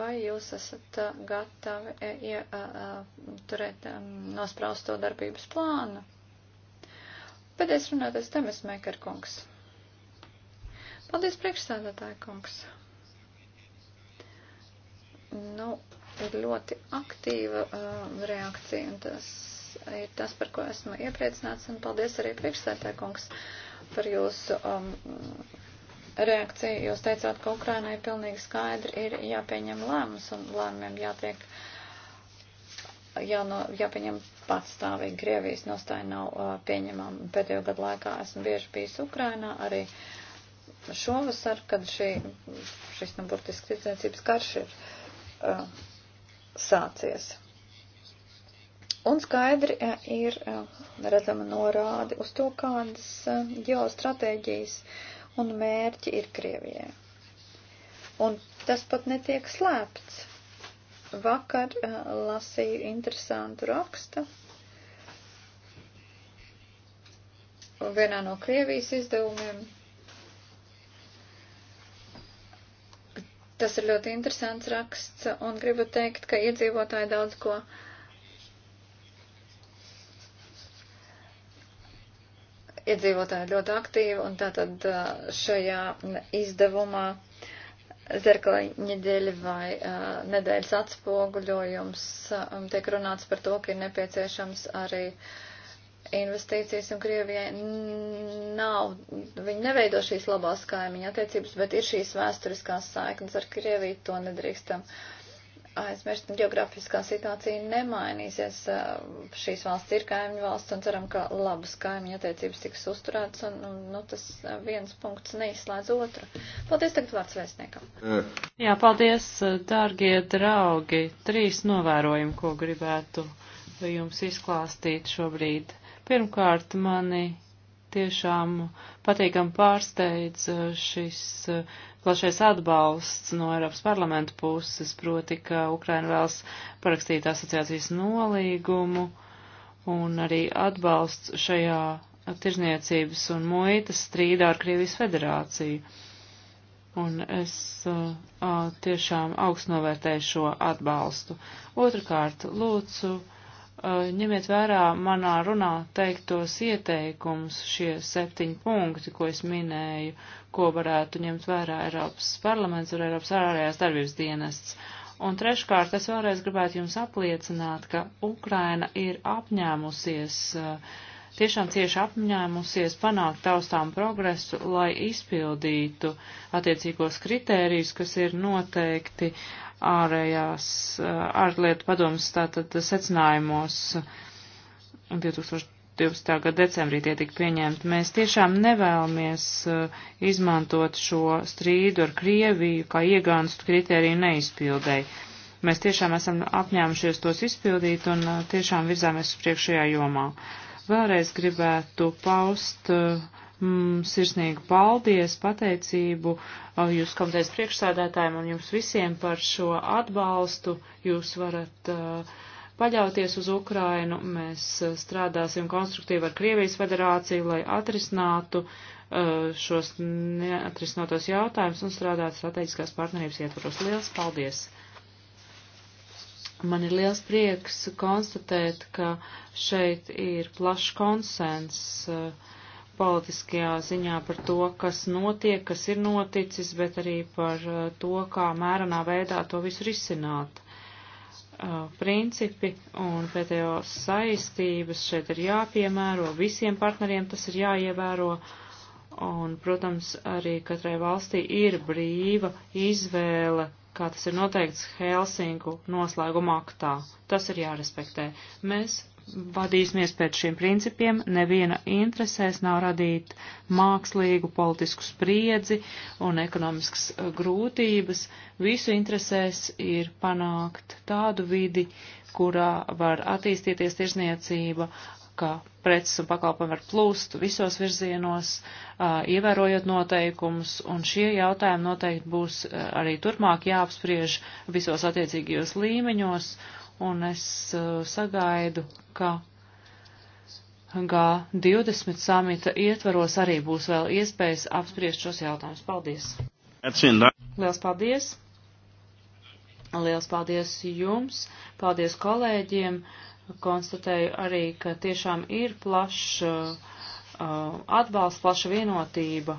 Vai jūs esat gatavi ja, uh, turēt um, nospraustu darbības plānu? Pēdējais runātais Demis Mekar kungs. Paldies, priekšsēdētāja kungs. Nu, ir ļoti aktīva uh, reakcija, un tas ir tas, par ko esmu iepriecināts, un paldies arī priekšsētē, kungs, par jūsu um, reakciju. Jūs teicāt, ka Ukrainai pilnīgi skaidri ir jāpieņem lēmums, un lēmumiem jātiek, jāno, jāpieņem patstāvīgi. Krievijas nostāja nav uh, pieņemama. Pēdējo gadu laikā esmu bieži bijis Ukrainā arī. Šovasar, kad šī, šis, nu, burtiski tirdzniecības karš ir uh, sācies. Un skaidri eh, ir eh, redzama norāde uz to, kādas eh, ģeostratēģijas un mērķi ir Krievijai. Un tas pat netiek slēpts. Vakar lasīju interesantu rakstu vienā no Krievijas izdevumiem. Tas ir ļoti interesants raksts, un gribu teikt, ka iedzīvotāji daudz ko uh, Iedzīvotāji ļoti aktīvi, un tātad šajā izdevumā Zerkaliņa dēļ vai uh, nedēļas atspoguļojums um, tiek runāts par to, ka ir nepieciešams arī investīcijas, un Krievijai nav, viņi neveido šīs labās kaimiņa attiecības, bet ir šīs vēsturiskās saiknes ar Krieviju, to nedrīkstam uh, aizmirstam, geogrāfiskā situācija nemainīsies. Uh, šīs valsts ir kaimiņu valsts un ceram, ka labas kaimiņu attiecības tiks uzturētas un, nu, tas uh, viens punkts neizslēdz otru. Paldies tagad vārds vēstniekam. Jā, paldies, uh, dārgie draugi. Trīs novērojumi, ko gribētu jums izklāstīt šobrīd. Pirmkārt, mani tiešām patīkam pārsteidz šis uh, plašais atbalsts no Eiropas parlamenta puses, proti, ka Ukraina vēlas parakstīt asociācijas nolīgumu un arī atbalsts šajā tirzniecības un muitas strīdā ar Krievijas federāciju. Un es uh, tiešām augstu novērtēju šo atbalstu. Otrakārt, lūdzu, Eh, ņemiet vērā manā runā teiktos ieteikums šie septiņi punkti, ko es minēju, ko varētu ņemt vērā Eiropas parlaments un Eiropas ārējās darbības dienests. Un treškārt, es vēlreiz gribētu jums apliecināt, ka Ukraina ir apņēmusies, eh, tiešām cieši apņēmusies panākt taustām progresu, lai izpildītu attiecīgos kritērijus, kas ir noteikti uh, ārējās eh, ārlietu padomas tātad secinājumos 2012. Eh, gada decembrī tie tika pieņemti. Mēs tiešām nevēlamies eh, izmantot šo strīdu ar Krieviju kā iegānstu kritēriju neizpildēji. Mēs tiešām esam apņēmušies tos izpildīt un tiešām virzāmies uz priekšējā jomā. Vēlreiz gribētu paust uh, mm, sirsnīgu paldies, pateicību uh, jūs komitejas priekšsādātājiem un jums visiem par šo atbalstu. Jūs varat uh, paļauties uz Ukrainu. Mēs uh, strādāsim konstruktīvi ar Krievijas federāciju, lai atrisinātu uh, šos neatrisinātos jautājumus un strādātu strateģiskās partnerības ietvaros. Liels paldies! Man ir liels prieks konstatēt, ka šeit ir plašs konsens uh, politiskajā ziņā par to, kas notiek, kas ir noticis, bet arī par uh, to, kā mērenā veidā to visu risināt. Uh, principi un pēdējo saistības šeit ir jāpiemēro, visiem partneriem tas ir jāievēro, un, protams, arī katrai valstī ir brīva izvēle, kā tas ir noteikts Helsinku noslēguma aktā. Tas ir jārespektē. Mēs vadīsimies pēc šiem principiem, neviena interesēs nav radīt mākslīgu politisku spriedzi un ekonomiskas eh, grūtības. Visu interesēs ir panākt tādu vidi, kurā var attīstīties tirzniecība, ka preces un pakalpojumi var plūst visos virzienos, eh, ievērojot noteikumus, un šie jautājumi noteikti būs eh, arī turpmāk jāapspriež visos attiecīgajos līmeņos un es uh, sagaidu, ka G20 samita ietvaros arī būs vēl iespējas apspriest šos jautājumus. Paldies! Liels paldies! Liels paldies jums! Paldies kolēģiem! Konstatēju arī, ka tiešām ir plašs uh, uh, atbalsts, plaša vienotība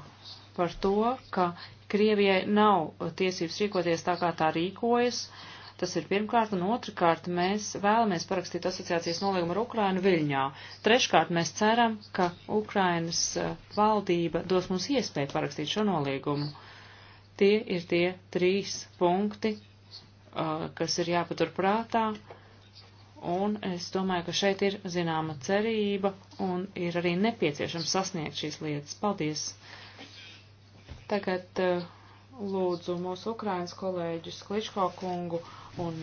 par to, ka Krievijai nav tiesības rīkoties tā, kā tā rīkojas. Uh, Tas ir pirmkārt, un otrkārt mēs vēlamies parakstīt asociācijas nolīgumu ar Ukrainu Viļņā. Treškārt mēs ceram, ka Ukrainas eh, valdība dos mums iespēju parakstīt šo nolīgumu. Tie ir tie trīs punkti, eh, kas ir jāpatur prātā, un es domāju, ka šeit ir zināma cerība un ir arī nepieciešams sasniegt šīs lietas. Paldies! Tagad uh, lūdzu mūsu Ukrainas kolēģus Kličko kungu un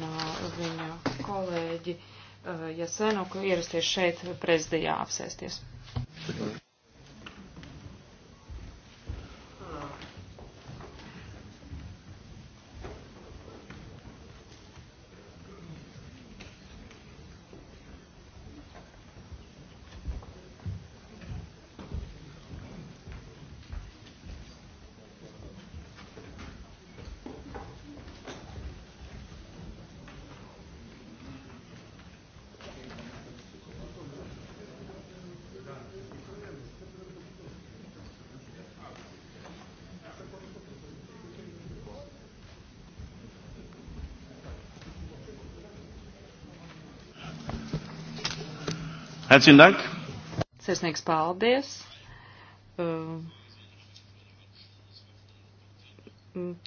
viņa kolēģi Jasenuku ierasties šeit prezidijā apsēsties. Thank you. Herzlichen Dank. Sirsnīgs paldies. Um,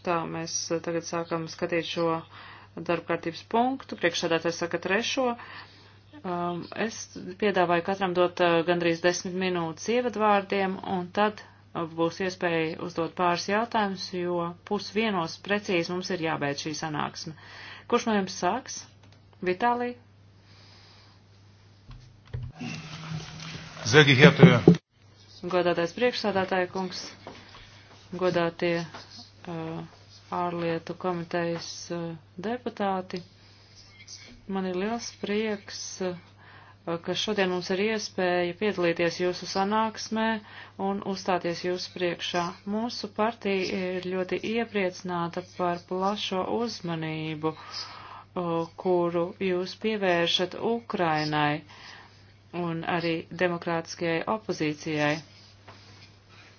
tā, mēs tagad sākam skatīt šo darbkārtības punktu. Priekšsēdētājs saka trešo. Um, es piedāvāju katram dot uh, gandrīz desmit minūtes ievadvārdiem, un tad uh, būs iespēja uzdot pāris jautājumus, jo pusvienos precīzi mums ir jābeidz šī sanāksme. Kurš no jums sāks? Vitālija? Sehr geehrte. Godātais priekšsādātāja kungs, godātie uh, ārlietu komitejas uh, deputāti, man ir liels prieks, uh, ka šodien mums ir iespēja piedalīties jūsu sanāksmē un uzstāties jūsu priekšā. Mūsu partija ir ļoti iepriecināta par plašo uzmanību, uh, kuru jūs pievēršat Ukrainai. Uh, un arī demokrātiskajai opozīcijai.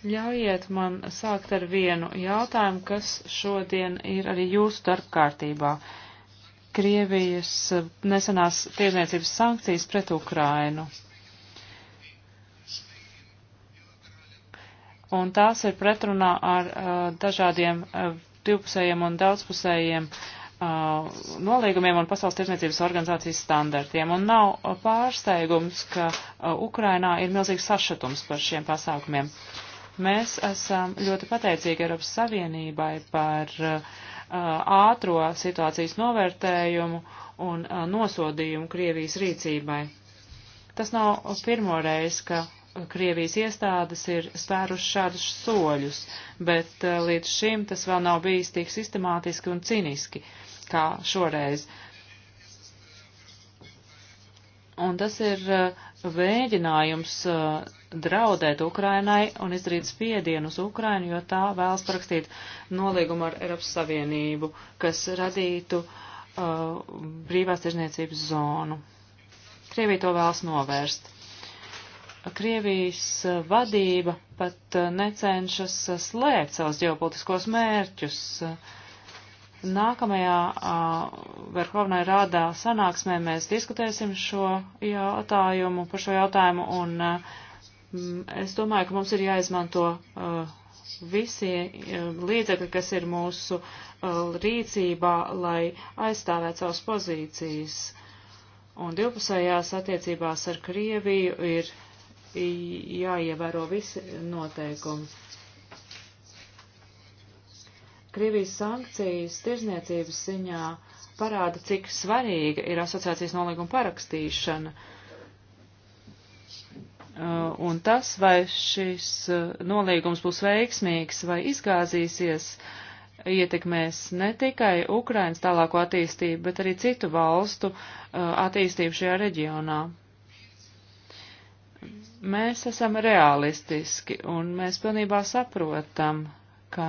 Ļaujiet man sākt ar vienu jautājumu, kas šodien ir arī jūsu darbkārtībā. Krievijas nesenās tirzniecības sankcijas pret Ukrainu. Un tās ir pretrunā ar uh, dažādiem uh, divpusējiem un daudzpusējiem uh, uh, nolīgumiem un Pasaules tirsniecības organizācijas standartiem. Un nav pārsteigums, ka uh, Ukrainā ir milzīgs sašatums par šiem pasākumiem. Mēs esam ļoti pateicīgi Eiropas Savienībai par uh, ātro situācijas novērtējumu un uh, nosodījumu Krievijas rīcībai. Tas nav pirmo reizi, ka Krievijas iestādes ir spēruši šādus soļus, bet uh, līdz šim tas vēl nav bijis tik sistemātiski un ciniski kā šoreiz. Un tas ir mēģinājums uh, uh, draudēt Ukrainai un izdarīt spiedienu uz Ukrainu, jo tā vēlas parakstīt nolīgumu ar Eiropas Savienību, kas radītu uh, brīvās tirzniecības zonu. Krievija to vēlas novērst. Krievijas eh, vadība pat eh, necenšas eh, slēgt savus ģeopolitiskos mērķus. Nākamajā Verhovnai rādā sanāksmē mēs diskutēsim šo jautājumu, par šo jautājumu, un a, es domāju, ka mums ir jāizmanto a, visi a, līdzekļi, kas ir mūsu rīcībā, lai aizstāvētu savas pozīcijas. Un divpusējās attiecībās ar Krieviju ir jāievēro visi noteikumi. Krievijas sankcijas tirzniecības ziņā parāda, cik svarīga ir asociācijas nolīguma parakstīšana. Uh, un tas, vai šis uh, nolīgums būs veiksmīgs vai izgāzīsies, ietekmēs ne tikai Ukrainas tālāko attīstību, bet arī citu valstu uh, attīstību šajā reģionā. Mēs esam realistiski un mēs pilnībā saprotam, ka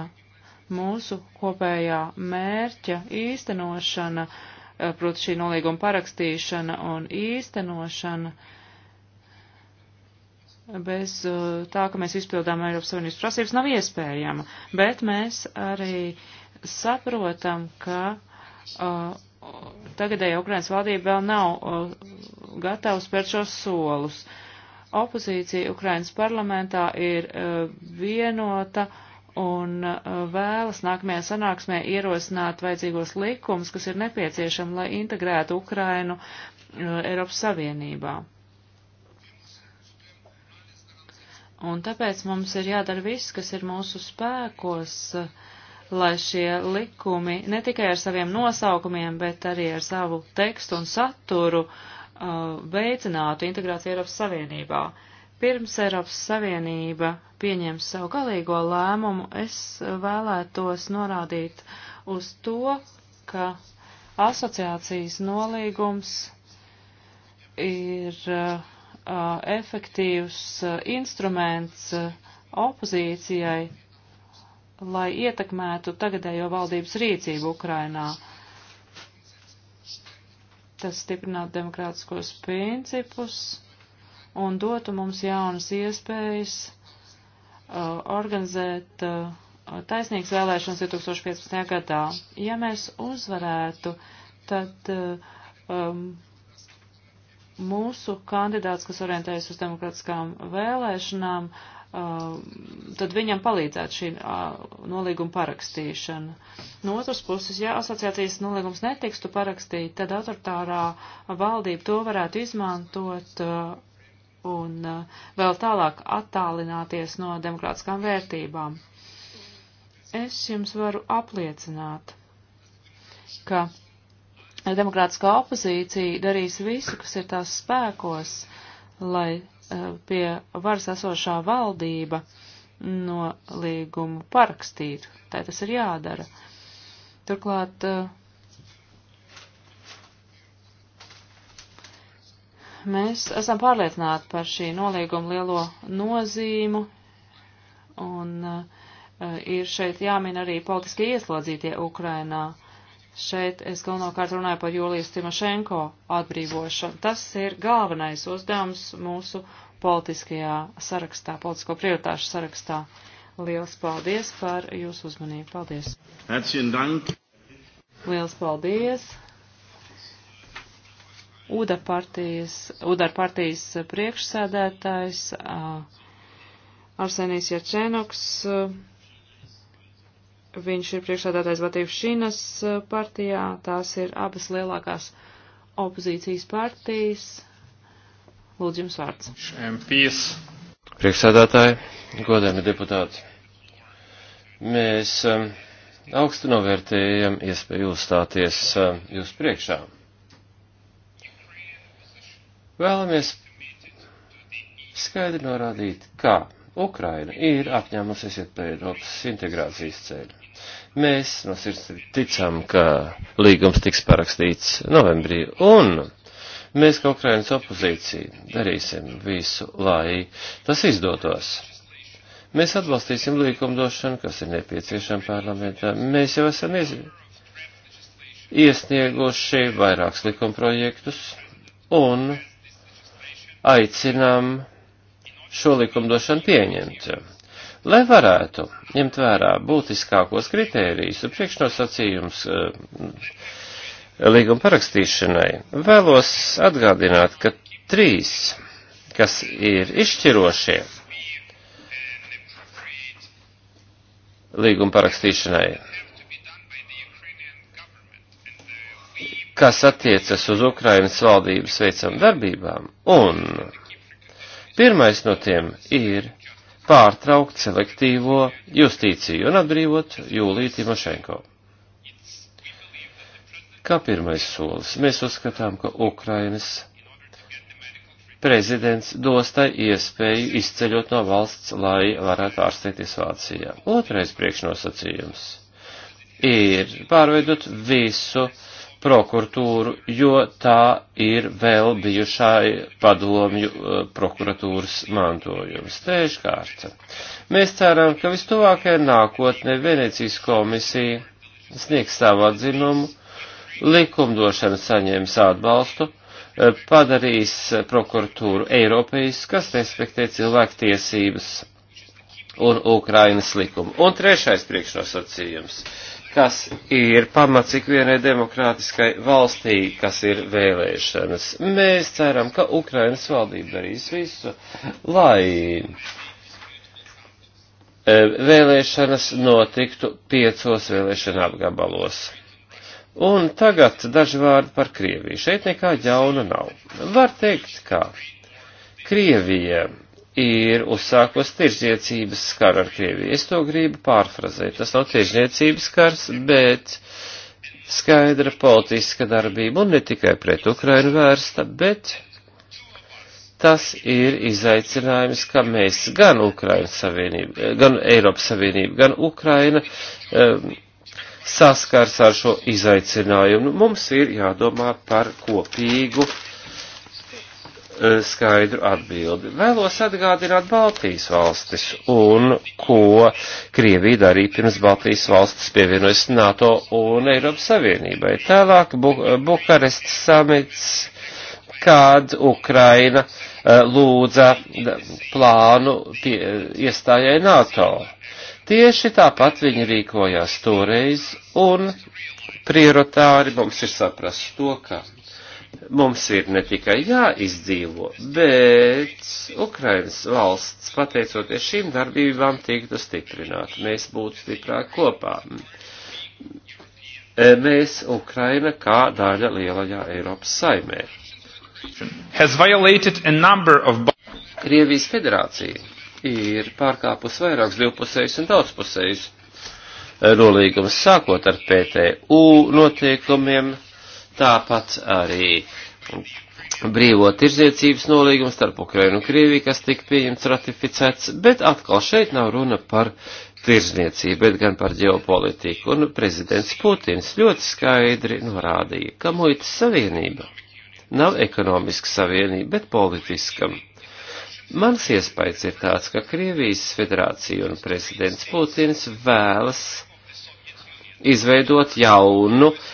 mūsu kopējā mērķa īstenošana, eh, proti šī nolīguma parakstīšana un īstenošana, bez eh, tā, ka mēs izpildām Eiropas Savienības prasības, nav iespējama. Bet mēs arī saprotam, ka uh, tagadēja Ukrainas valdība vēl nav uh, gatava spērt šos solus. Uh, opozīcija Ukrainas parlamentā ir eh, vienota un eh, vēlas nākamajā sanāksmē ierosināt vajadzīgos likumus, kas ir nepieciešami, lai integrētu Ukrainu eh, Eiropas Savienībā. Un tāpēc mums ir jādara viss, kas ir mūsu spēkos, lai šie likumi ne tikai ar saviem nosaukumiem, bet arī ar savu tekstu un saturu uh, Uh, veicinātu integrāciju Eiropas Savienībā. Pirms Eiropas Savienība pieņems savu galīgo lēmumu, es vēlētos norādīt uz to, ka asociācijas nolīgums ir uh, efektīvs uh, instruments uh, opozīcijai, lai ietekmētu tagadējo valdības rīcību Ukrainā. Uh, tas stiprinātu demokrātiskos principus un dotu mums jaunas iespējas uh, organizēt uh, taisnīgas vēlēšanas 2015. gadā. Ja mēs uzvarētu, tad uh, um, mūsu kandidāts, kas orientējas uz demokrātiskām vēlēšanām, uh, tad viņam palīdzētu šī nolīguma parakstīšana. No otras puses, ja asociācijas nolīgums netikstu parakstīt, tad autoritārā valdība to varētu izmantot un vēl tālāk attālināties no demokrātiskām vērtībām. Es jums varu apliecināt, ka demokrātiskā opozīcija darīs visu, kas ir tās spēkos, lai Eh, pie varas esošā valdība no līgumu parakstītu. Tā tas ir jādara. Turklāt eh, mēs esam pārliecināti par šī nolīguma lielo nozīmu un eh, ir šeit jāmin arī politiski ieslodzītie Ukrainā. Šeit es galvenokārt runāju par Jūlijas Timošenko atbrīvošanu. Tas ir galvenais uzdevums mūsu politiskajā sarakstā, politisko prioritāšu sarakstā. Liels paldies par jūsu uzmanību. Paldies. Liels paldies. UDA partijas, UDAR partijas priekšsēdētājs Arsenijs Jačenoks. Uh, Viņš ir priekšsādātais Batīvas Šīnas eh, partijā, tās ir abas lielākās opozīcijas partijas. Lūdzu, jums vārds. MPs. Priekšsādātāji, godējami deputāti. Mēs um, augstu novērtējam iespēju uzstāties um, jūs priekšā. Vēlamies skaidri norādīt, kā Ukraina ir apņēmusies iet pa Eiropas integrācijas ceļu. Mēs no sirds ticam, ka līgums tiks parakstīts novembrī, un mēs kā Ukrainas opozīcija darīsim visu, lai tas izdotos. Mēs atbalstīsim līkumdošanu, kas ir nepieciešama parlamentā. Mēs jau esam ies... iesnieguši vairākus likumprojektus un aicinām šo likumdošanu pieņemt Lai varētu ņemt vērā būtiskākos kritērijus un priekšnosacījums eh, līguma parakstīšanai, vēlos atgādināt, ka trīs, kas ir izšķirošie līguma parakstīšanai, kas attiecas uz Ukrainas valdības veicam darbībām, un pirmais no tiem ir pārtraukt selektīvo justīciju un atbrīvot Jūliju Timošenko. Kā pirmais solis, mēs uzskatām, ka Ukrainas prezidents dos tai iespēju izceļot no valsts, lai varētu ārstēties Vācijā. Otrais priekšnosacījums ir pārveidot visu prokuratūru, jo tā ir vēl bijušai padomju eh, prokuratūras mantojums. Treškārt, mēs ceram, ka vistuvākajā nākotnē Venecijas komisija sniegs savu atzinumu, likumdošana saņems atbalstu, eh, padarīs prokuratūru Eiropijas, kas respektē cilvēku tiesības un Ukrainas likumu. Un trešais priekšnosacījums kas ir pamats ikvienai demokrātiskai valstī, kas ir vēlēšanas. Mēs ceram, ka Ukrainas valdība darīs visu, lai e, vēlēšanas notiktu piecos vēlēšana apgabalos. Un tagad daži vārdi par Krieviju. Šeit nekā jauna nav. Var teikt, ka Krievija ir uzsākos tirzniecības karu ar Krieviju. Es to gribu pārfrazēt. Tas nav tirzniecības kars, bet skaidra politiska darbība un ne tikai pret Ukrainu vērsta, bet tas ir izaicinājums, ka mēs gan Ukrainas Savienība, gan Eiropas Savienība, gan Ukraina um, saskars ar šo izaicinājumu. Mums ir jādomā par kopīgu Eh, skaidru atbildi. Vēlos atgādināt Baltijas valstis un ko Krievija darīja pirms Baltijas valstis pievienojas NATO un Eiropas Savienībai. Tālāk Bu eh, Bukarestas samits, kad Ukraina eh, lūdza plānu pie, iestājai NATO. Tieši tāpat viņi rīkojās toreiz, un prioritāri mums ir saprast to, ka Mums ir ne tikai jāizdzīvo, bet Ukrainas valsts, pateicoties šīm darbībām, tiktu stiprināta. Mēs būtu stiprāk kopā. Mēs, Ukraina, kā daļa lielajā Eiropas saimē. Of... Krievijas federācija ir pārkāpus vairākus divpusējus un daudzpusējus eh, nolīgumus, sākot ar PTU noteikumiem, tāpat arī brīvo tirzniecības nolīgums starp Ukrainu un Krieviju, kas tika pieņemts ratificēts, bet atkal šeit nav runa par tirzniecību, bet gan par ģeopolitiku. Un prezidents Putins ļoti skaidri norādīja, ka muitas savienība nav ekonomiska savienība, bet politiska. Mans iespējas ir tāds, ka Krievijas federācija un prezidents Putins vēlas izveidot jaunu uh,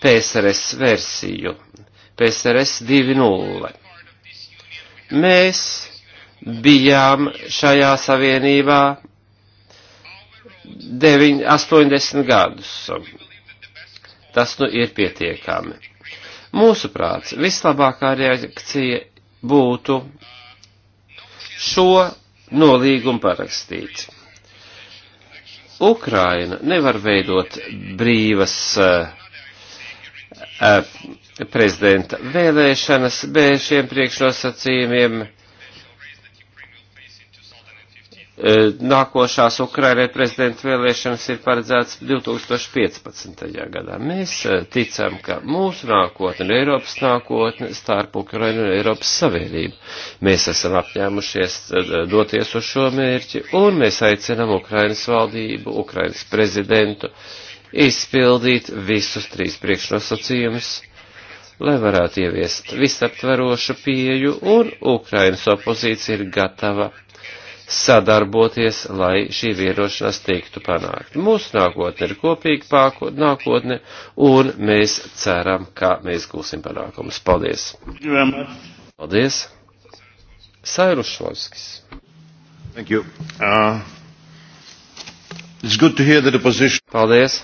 PSRS versiju, PSRS 2.0. Mēs bijām šajā savienībā 9, 80 gadus. Tas nu ir pietiekami. Mūsuprāt, vislabākā reakcija būtu šo nolīgumu parakstīt. Ukraina nevar veidot brīvas uh, Eh, prezidenta vēlēšanas bez šiem priekšnosacījumiem. Eh, nākošās Ukrainai prezidenta vēlēšanas ir paredzētas 2015. gadā. Mēs eh, ticam, ka mūsu nākotne un Eiropas nākotne starp Ukrainu un Eiropas Savienību. Mēs esam apņēmušies doties uz šo mērķi un mēs aicinam Ukrainas valdību, Ukrainas prezidentu uh, izpildīt visus trīs priekšnosacījumus, lai varētu ieviest visaptverošu pieju, un Ukrainas opozīcija ir gatava sadarboties, lai šī vienošanās tiktu panākt. Mūsu nākotne ir kopīga nākotne, un mēs ceram, ka mēs gūsim panākumus. Paldies! Paldies! Sairušovskis. Thank you. Uh, it's good to hear that the position. Paldies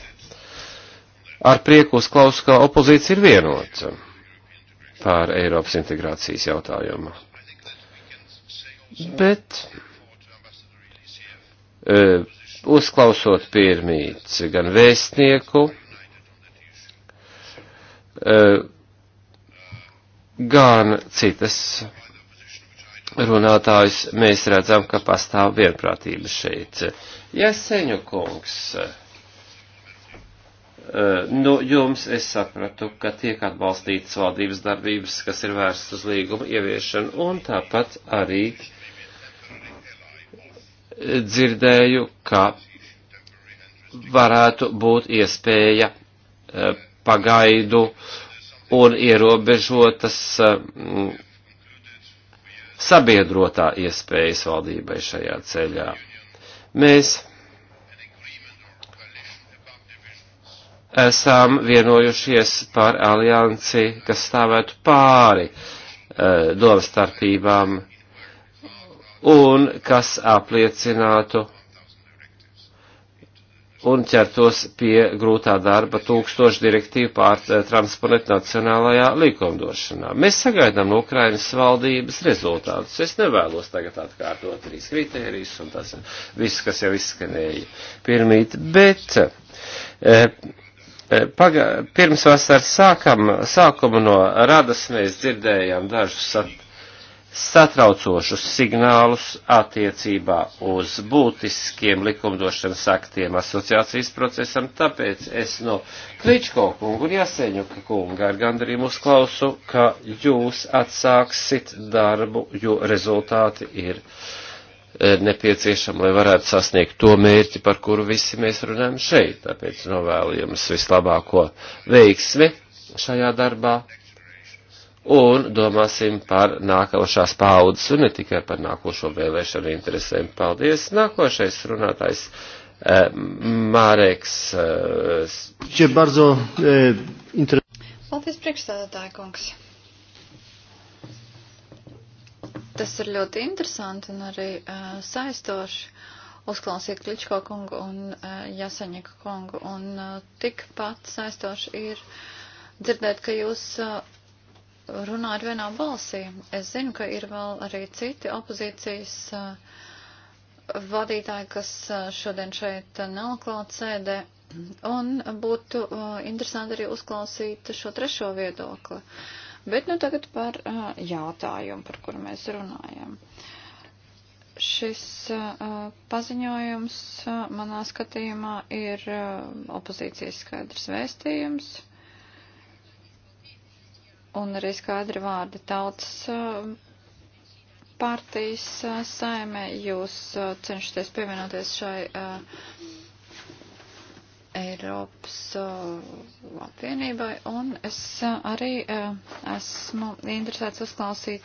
ar prieku uzklausu, ka opozīcija ir vienota pār Eiropas integrācijas jautājumu. Bet e, uzklausot pirmīci gan vēstnieku, e, gan citas runātājus, mēs redzam, ka pastāv vienprātība šeit. Jeseņu kungs. Ja Eh, no nu, jums es sapratu, ka tiek atbalstītas valdības darbības, kas ir vērstas uz līguma ieviešanu, un tāpat arī dzirdēju, ka varētu būt iespēja eh, pagaidu un ierobežotas eh, sabiedrotā iespējas valdībai šajā ceļā. Mēs esam vienojušies par aliansi, kas stāvētu pāri eh, domstarpībām un kas apliecinātu un ķertos pie grūtā darba tūkstošu direktīvu pārtransponēt eh, nacionālajā likumdošanā. Mēs sagaidām no Ukrainas valdības rezultātus. Es nevēlos tagad atkārtot trīs kritērijus un tas viss, kas jau izskanēja pirmīt, bet e, Eh, paga, pirms vasaras sākam, sākumu no radas mēs dzirdējām dažus sat, satraucošus signālus attiecībā uz būtiskiem likumdošanas aktiem asociācijas procesam, tāpēc es no Kličko kungu un Jaseņuka kunga ar gandarījumu uzklausu, ka jūs atsāksit darbu, jo rezultāti ir. Uh, nepieciešama, lai varētu sasniegt to mērķi, par kuru visi mēs runājam šeit. Tāpēc novēlu jums vislabāko veiksmi šajā darbā un domāsim par nākošās paudzes un ne tikai par nākošo vēlēšanu interesēm. Paldies! Nākošais runātājs eh, Māreks. Eh, eh Paldies, priekšstādātāja kungs! Tas ir ļoti interesanti un arī uh, saistoši. Uzklausīt Kličko kungu un uh, eh, Jasaņika kungu. Un uh, tikpat saistoši ir dzirdēt, ka jūs uh, runājat vienā balsī. Es zinu, ka ir vēl arī citi opozīcijas. Uh, vadītāji, kas šodien šeit nav klāt sēdē, un būtu interesanti arī uzklausīt šo trešo viedokli. Bet nu tagad par uh, jautājumu, par kuru mēs runājam. Šis uh, paziņojums uh, manā skatījumā ir uh, opozīcijas skaidrs vēstījums un arī skaidri vārdi tautas uh, partijas uh, saimē. Jūs uh, cenšaties pievienoties šai. Uh, Eiropas uh, apvienībai, un es uh, arī uh, esmu interesēts uzklausīt,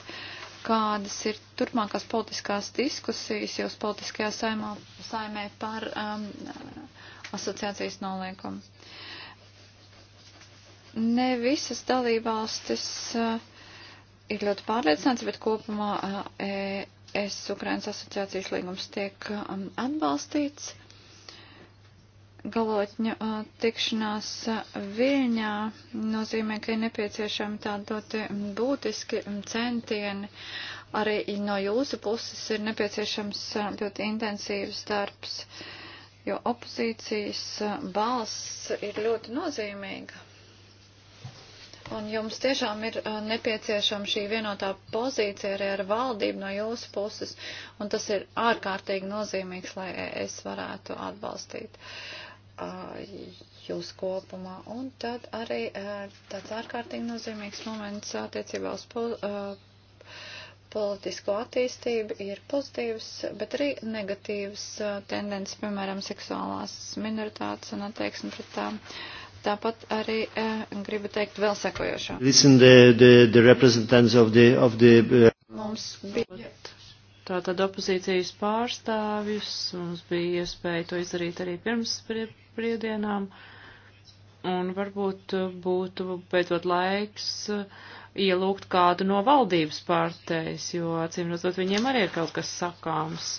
kādas ir turpmākās politiskās diskusijas jūs politiskajā saimā, saimē par um, asociācijas noliekumu. Ne visas dalībvalstis uh, ir ļoti pārliecināts, bet kopumā uh, es Ukrainas asociācijas līgums tiek um, atbalstīts galotņu tikšanās Viļņā nozīmē, ka ir nepieciešami tādi ļoti būtiski centieni. Arī no jūsu puses ir nepieciešams ļoti intensīvs darbs, jo opozīcijas balss ir ļoti nozīmīga. Un jums tiešām ir nepieciešama šī vienotā pozīcija arī ar valdību no jūsu puses, un tas ir ārkārtīgi nozīmīgs, lai es varētu atbalstīt uh, jūs kopumā. Un tad arī tāds ārkārtīgi nozīmīgs moments attiecībā uz pol, politisko attīstību ir pozitīvs, bet arī negatīvs tendences, piemēram, seksuālās minoritātes un attieksme pret tām. Tāpat arī gribu teikt vēl sekojošo. Listen, the, the, the representants of the, of the, uh... Mums bija. Yeah tātad opozīcijas pārstāvjus. Mums bija iespēja to izdarīt arī pirms brīvdienām. Un varbūt būtu beidzot laiks uh, ielūgt kādu no valdības pārtējas, jo acīm redzot, viņiem arī ir kaut kas sakāms.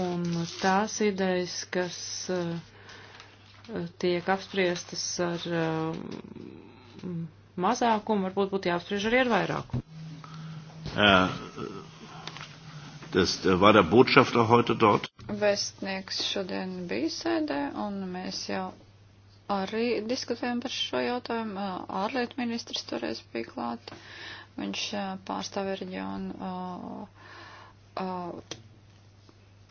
Un tās idejas, kas uh, tiek apspriestas ar uh, mazākumu, varbūt būtu jāapspriež arī ar vairākumu. Uh Das äh, war der Botschafter heute dort. Vēstnieks šodien bija sēdē, un mēs jau arī diskutējam par šo jautājumu. Ārlietu ministrs toreiz bija klāt. Viņš pārstāvja reģionu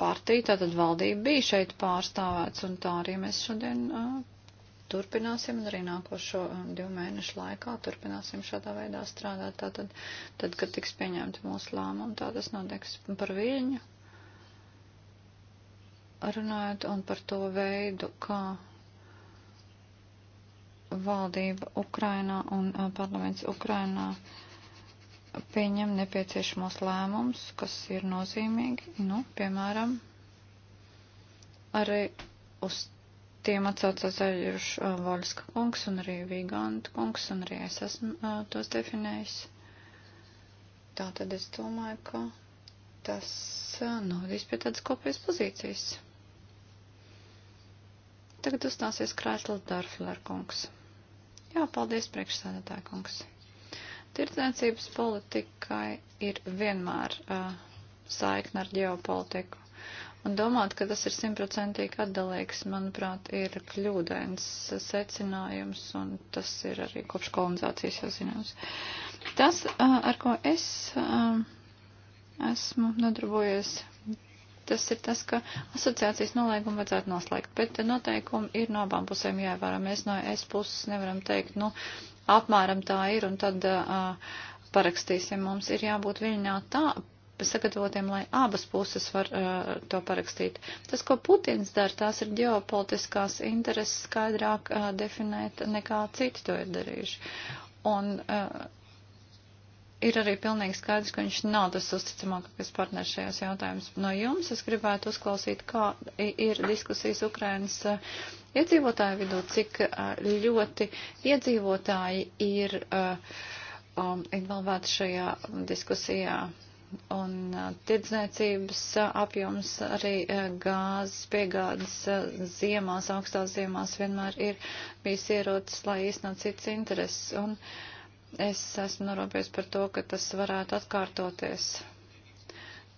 partiju, tātad valdība bija šeit pārstāvēts, un tā arī mēs šodien turpināsim un arī nākošo um, divu mēnešu laikā turpināsim šādā veidā strādāt. Tātad, tad, kad tiks pieņemta mūsu lēmuma, tā tas notiks par viņu runājot un par to veidu, kā valdība Ukrainā un uh, parlaments Ukrainā pieņem nepieciešamos lēmumus, kas ir nozīmīgi, nu, piemēram, arī uz tiem atsaucās Aļuš Voļska kungs un arī Viganta kungs, un arī es esmu uh, tos definējis. Tā tad es domāju, ka tas uh, novadīs pie tādas kopējas pozīcijas. Tagad uzstāsies Krēsls Dārfler kungs. Jā, paldies priekšsēdētāja kungs. Tirdzniecības politikai ir vienmēr uh, saikna ar ģeopolitiku Un domāt, ka tas ir simtprocentīgi atdalīgs, manuprāt, ir kļūdains secinājums, un tas ir arī kopš kolonizācijas jau zināms. Tas, ar ko es esmu nodarbojies, tas ir tas, ka asociācijas nolēgumu vajadzētu noslēgt, bet noteikumi ir no abām pusēm jāievēro. Mēs no es puses nevaram teikt, nu, apmēram tā ir, un tad uh, parakstīsim. Mums ir jābūt viļņā tā sagatavotiem, lai abas puses var uh, to parakstīt. Tas, ko Putins dara, tās ir ģeopolitiskās intereses skaidrāk uh, definēt nekā citi to ir darījuši. Un uh, ir arī pilnīgi skaidrs, ka viņš nav tas uzticamākais partners šajos jautājumus. No jums es gribētu uzklausīt, kā ir diskusijas Ukrainas. Uh, Iedzīvotāju vidū, cik uh, ļoti iedzīvotāji ir uh, um, involvēti šajā diskusijā, un tirdzniecības apjoms arī gāzes piegādes ziemās, augstās ziemās vienmēr ir bijis ierocis, lai īstenot cits intereses. Un es esmu norūpies par to, ka tas varētu atkārtoties.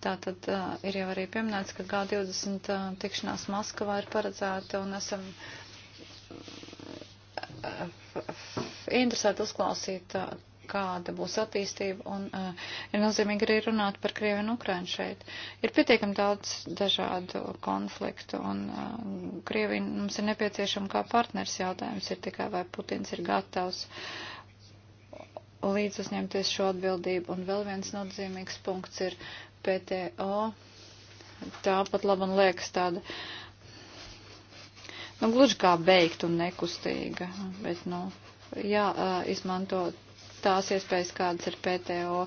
Tātad ir jau arī pieminēts, ka G20 tikšanās Maskavā ir paredzēta un esam interesēti uzklausīt kāda būs attīstība, un uh, ir nozīmīgi arī runāt par Krievi un Ukraini šeit. Ir pietiekami daudz dažādu konfliktu, un uh, Krievi mums ir nepieciešama kā partners jautājums, ir tikai vai Putins ir gatavs līdz uzņemties šo atbildību. Un vēl viens nozīmīgs punkts ir PTO. Tāpat laban liekas tāda. Uh, nu, gluži kā beigt un nekustīga, bet, nu, jā, eh, izmanto tās iespējas, kādas ir PTO,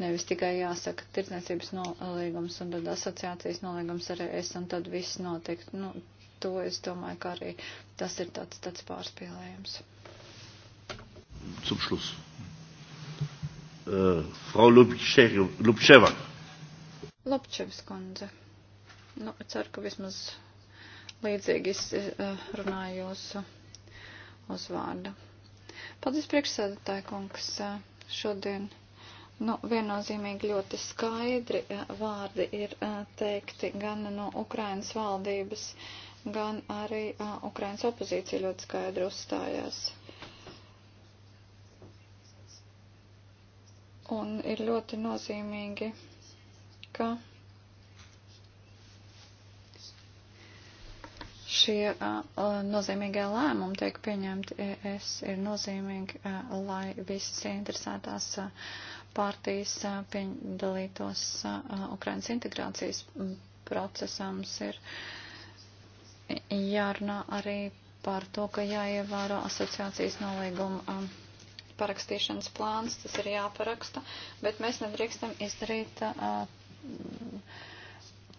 nevis tikai jāsaka tirdzniecības nolīgums un tad asociācijas nolīgums ar es un tad viss notiek. Nu, to es domāju, ka arī tas ir tāds, tāds pārspīlējums. Zum Schluss. Uh, Frau Lubčeva. Lubčevs kundze. Nu, ceru, ka vismaz līdzīgi es uh, runāju jūsu uzvārdu. Uz Paldies, priekšsēdētāji kungs. Šodien nu, viennozīmīgi ļoti skaidri eh, vārdi ir eh, teikti gan no Ukrainas valdības, gan arī eh, Ukrainas opozīcija ļoti skaidri uzstājās. Un ir ļoti nozīmīgi, ka šie nozīmīgie lēmumi tiek pieņemti ES, ir nozīmīgi, lai visas interesētās partijas piedalītos Ukrainas integrācijas procesams. Ir jārunā arī par to, ka jāievēro asociācijas nolīguma parakstīšanas plāns, tas ir jāparaksta, bet mēs nedrīkstam izdarīt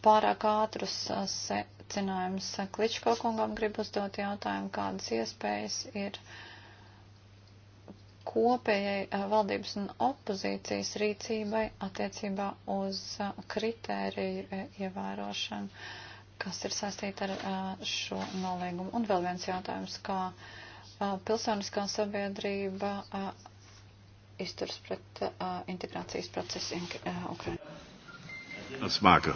pārāk ātrus samazinājums. Kličko kungam grib uzdot jautājumu, kādas iespējas ir kopējai eh, valdības un opozīcijas rīcībai attiecībā uz eh, kritēriju eh, ievērošanu, kas ir saistīta ar šo nolīgumu. Un vēl viens jautājums, kā pilsoniskā sabiedrība izturs pret integrācijas procesu Ukrainā. Tas māka.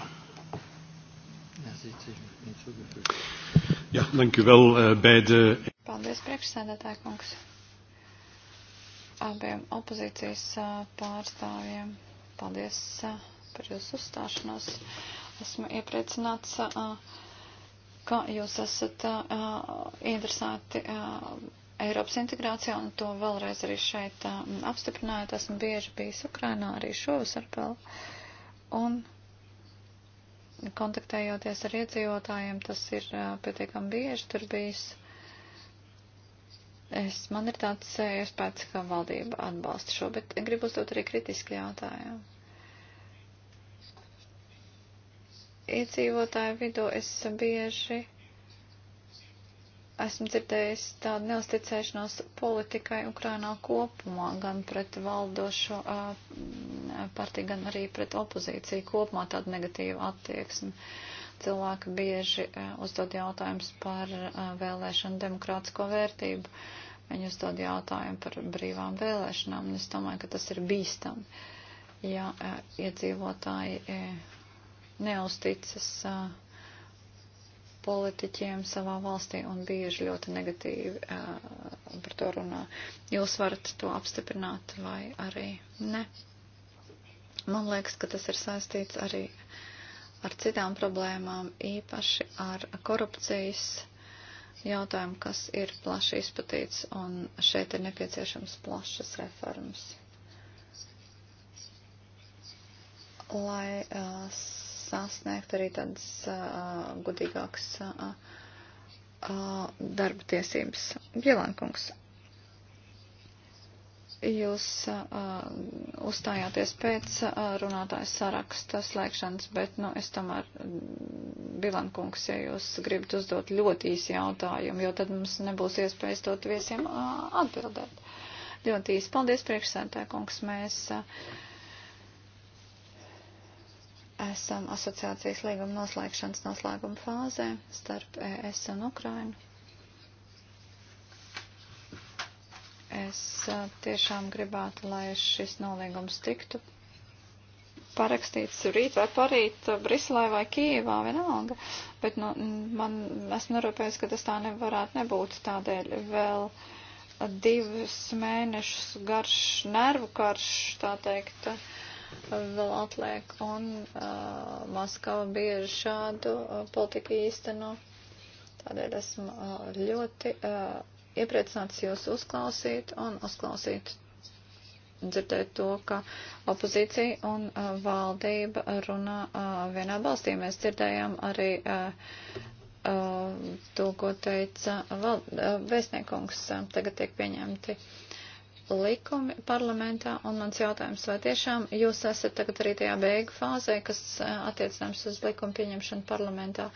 Ja, dank u wel uh, eh, beide. Paldies, priekšsēdētāji kungs. Abiem opozīcijas uh, pārstāvjiem. Paldies uh, par jūsu uzstāšanos. Esmu iepriecināts, uh, ka jūs esat uh, interesēti. Uh, Eiropas integrācijā, un to vēlreiz arī šeit um, apstiprinājāt. Esmu bieži bijis Ukrainā arī šovasar vēl. Un kontaktējoties ar iedzīvotājiem, tas ir pietiekami bieži tur bijis. Es, man ir tāds iespējas, ka valdība atbalsta šo, bet gribu uzdot arī kritiski jautājumu. Iedzīvotāju vidū es bieži esmu dzirdējis tādu neusticēšanos politikai Ukrainā kopumā, gan pret valdošo partiju, gan arī pret opozīciju kopumā tādu negatīvu attieksmi. Cilvēki bieži uzdod jautājumus par vēlēšanu demokrātisko vērtību. Viņi uzdod jautājumu par brīvām vēlēšanām, un es domāju, ka tas ir bīstami, ja iedzīvotāji neusticas. Ja politiķiem savā valstī un bieži ļoti negatīvi uh, par to runā. Jūs varat to apstiprināt vai arī ne. Man liekas, ka tas ir saistīts arī ar citām problēmām, īpaši ar korupcijas jautājumu, kas ir plaši izplatīts, un šeit ir nepieciešams plašas reformas. Lai uh, sasniegt arī tādas uh, gudīgākas uh, uh, darba tiesības. Bielankungs, jūs uh, uzstājāties pēc uh, runātājas saraksta slēgšanas, bet, nu, es tomēr, Bilankungs, ja jūs gribat uzdot ļoti īsi jautājumu, jo tad mums nebūs iespējas dot viesiem uh, atbildēt. Ļoti īsi. Paldies, priekšsēdētāj, kungs, mēs. Uh, esam asociācijas līguma noslēgšanas noslēguma fāzē starp ES un Ukrainu. Es tiešām gribētu, lai šis nolīgums tiktu parakstīts rīt vai parīt Briselē vai Kīvā, vienalga, bet nu, man, es norūpējos, ka tas tā nevarētu nebūt tādēļ vēl divus mēnešus garš nervu karš, tā teikt. Uh, vēl atliek, un uh, Maskava bieži šādu uh, politiku īsteno. Tādēļ esmu uh, ļoti uh, iepriecināts jūs uzklausīt un uzklausīt dzirdēt to, ka opozīcija un uh, valdība runā uh, vienā balstī. Mēs dzirdējām arī uh, uh, to, ko teica uh, vēstniekungs. Uh, tagad tiek pieņemti uh, likumi parlamentā, un mans jautājums, vai tiešām jūs esat tagad arī tajā beigu fāzē, kas eh, attiecināms uz likumu pieņemšanu parlamentā,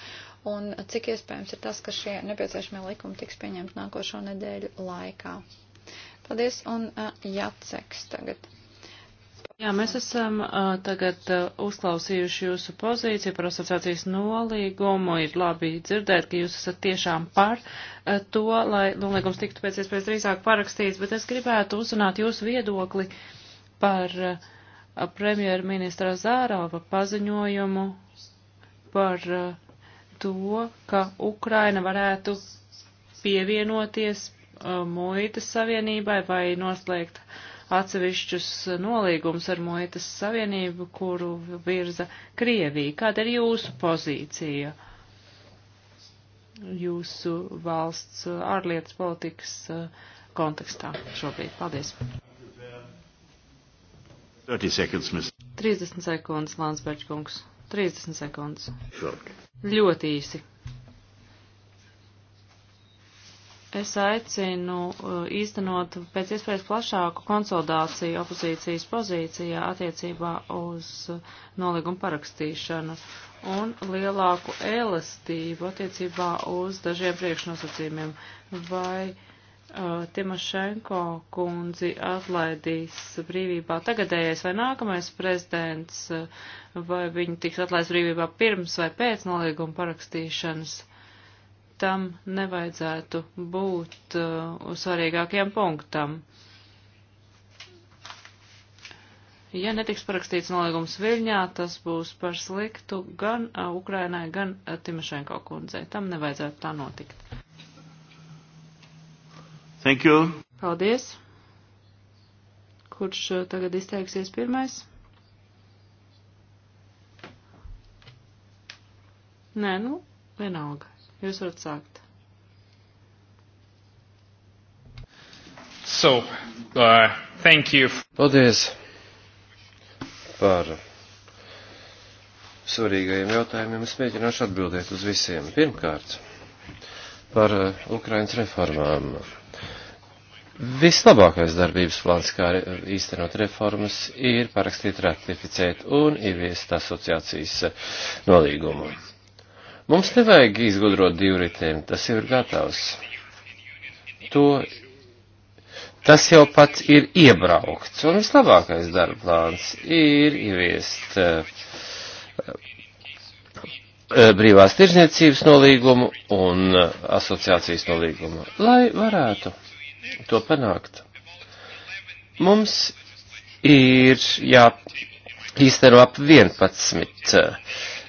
un cik iespējams ir tas, ka šie nepieciešamie likumi tiks pieņemti nākošo nedēļu laikā? Paldies, un eh, Jaceks tagad. Jā, mēs esam uh, tagad uh, uzklausījuši jūsu pozīciju par asociācijas nolīgumu. Ir labi dzirdēt, ka jūs esat tiešām par uh, to, lai nolīgums tiktu pēc iespējas drīzāk parakstīts, bet es gribētu uzrunāt jūsu viedokli par uh, premjerministra Zārava paziņojumu par uh, to, ka Ukraina varētu pievienoties uh, muitas savienībai vai noslēgt uh, atsevišķus nolīgumus ar Moitas Savienību, kuru virza Krievija. Kāda ir jūsu pozīcija? Jūsu valsts ārlietas politikas eh, kontekstā šobrīd. Paldies. 30 sekundes, mēs. 30 sekundes, Lānsberģkungs. 30 sekundes. Šorki. Ļoti īsi. es aicinu uh, īstenot pēc iespējas plašāku konsolidāciju opozīcijas pozīcijā attiecībā uz uh, nolīgumu parakstīšanu un lielāku elastību attiecībā uz dažiem priekšnosacījumiem. Vai uh, Timošenko kundzi atlaidīs brīvībā tagadējais vai nākamais prezidents, uh, vai viņi tiks atlaists brīvībā pirms vai pēc nolīguma parakstīšanas? Uh, tam nevajadzētu būt uh, svarīgākiem punktam. Ja netiks parakstīts nolīgums Viļņā, tas būs par sliktu gan uh, Ukrainai, gan uh, Timošenko kundzei. Tam nevajadzētu tā notikt. Thank you. Paldies. Kurš uh, tagad izteiksies pirmais? Nē, nu, vienalga. Jūs varat sākt. So, uh, thank you. Paldies par svarīgajiem jautājumiem. Es mēģināšu atbildēt uz visiem. Pirmkārt, par uh, Ukrainas reformām. Vislabākais darbības plāns, kā īstenot reformas, ir parakstīt, ratificēt un ieviest asociācijas uh, nolīgumu. Mums nevajag izgudrot divritēm, tas jau ir gatavs. To, tas jau pats ir iebraukts, un vislabākais darba plāns ir ieviest uh, brīvās tirzniecības nolīgumu un eh, asociācijas nolīgumu, lai varētu to panākt. Mums ir jāīsteno ap 11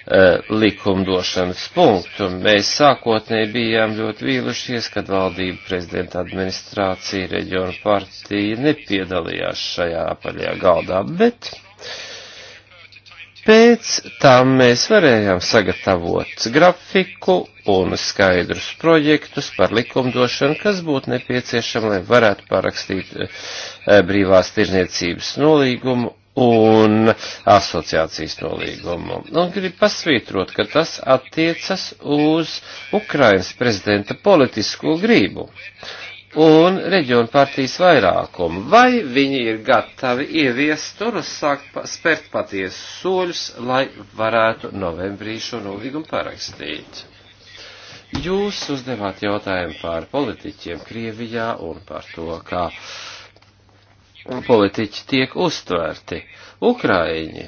Eh, likumdošanas punktu. Mēs sākotnēji bijām ļoti vīlušies, kad valdība, prezidenta administrācija, reģiona partija nepiedalījās šajā apaļajā galdā, bet pēc tam mēs varējām sagatavot grafiku un skaidrus projektus par likumdošanu, kas būtu nepieciešama, lai varētu parakstīt eh, brīvās tirzniecības nolīgumu un asociācijas nolīgumu. Un gribu pasvītrot, ka tas attiecas uz Ukrainas prezidenta politisko gribu un reģionu partijas vairākumu. Vai viņi ir gatavi ieviest un uzsākt spērt patiesu soļus, lai varētu novembrī šo nolīgumu parakstīt? Jūs uzdevāt jautājumu par politiķiem Krievijā un par to, kā. Ka un politiķi tiek uztvērti. Ukraiņi,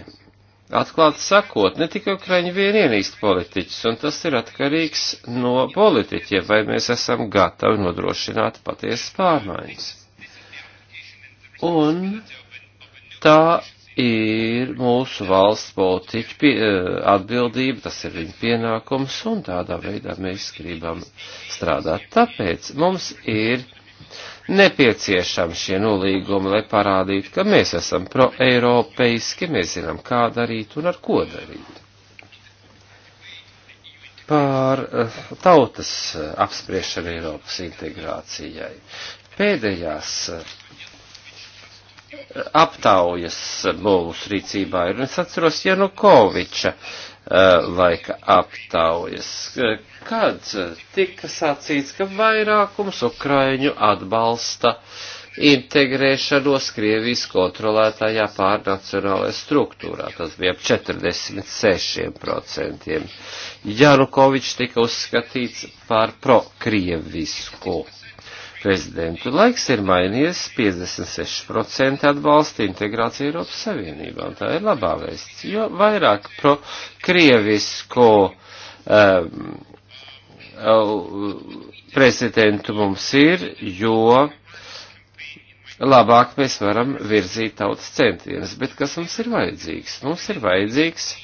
atklāti sakot, ne tikai Ukraiņi vien ienīst politiķus, un tas ir atkarīgs no politiķiem, vai mēs esam gatavi nodrošināt patiesas pārmaiņas. Un tā ir mūsu valsts politiķu pie, eh, atbildība, tas ir viņa pienākums, un tādā veidā mēs gribam strādāt. Tāpēc mums ir nepieciešami šie nolīgumi, lai parādītu, ka mēs esam pro-eiropeiski, mēs zinām, kā darīt un ar ko darīt. Pār eh, tautas eh, apspriešanu Eiropas integrācijai. Pēdējās eh, aptaujas mūsu rīcībā ir, un es atceros Janukoviča Eh, laika aptaujas, eh, kad tika sacīts, ka vairākums Ukraiņu atbalsta integrēšanos Krievijas kontrolētajā pārnacionālajā struktūrā. Tas bija ap 46%. Janukovičs tika uzskatīts par prokrievisku prezidentu. Laiks ir mainījies, 56% atbalsta integrācija Eiropas Savienībā, un tā ir labā vēsts, jo vairāk pro krievisko um, prezidentu mums ir, jo labāk mēs varam virzīt tautas centienus. Bet kas mums ir vajadzīgs? Mums ir vajadzīgs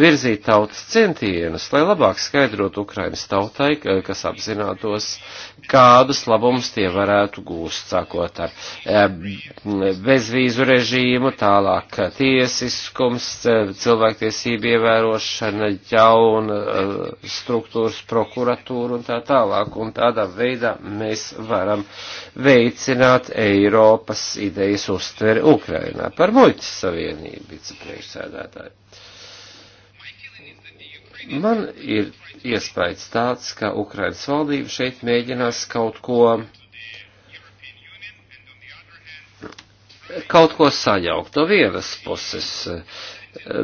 virzīt tautas centienus, lai labāk skaidrotu Ukrainas tautai, kas apzinātos, kādus labumus tie varētu gūst, sākot ar eh, bezvīzu režīmu, tālāk tiesiskums, cilvēktiesību ievērošana, jauna eh, struktūras prokuratūra un tā tālāk. Un tādā veidā mēs varam veicināt Eiropas idejas uztveri Ukrainā par muļķu savienību, vicepriekšsēdētāji. Man ir iespējas tāds, ka Ukrainas valdība šeit mēģinās kaut ko, kaut ko sajaukt no vienas puses,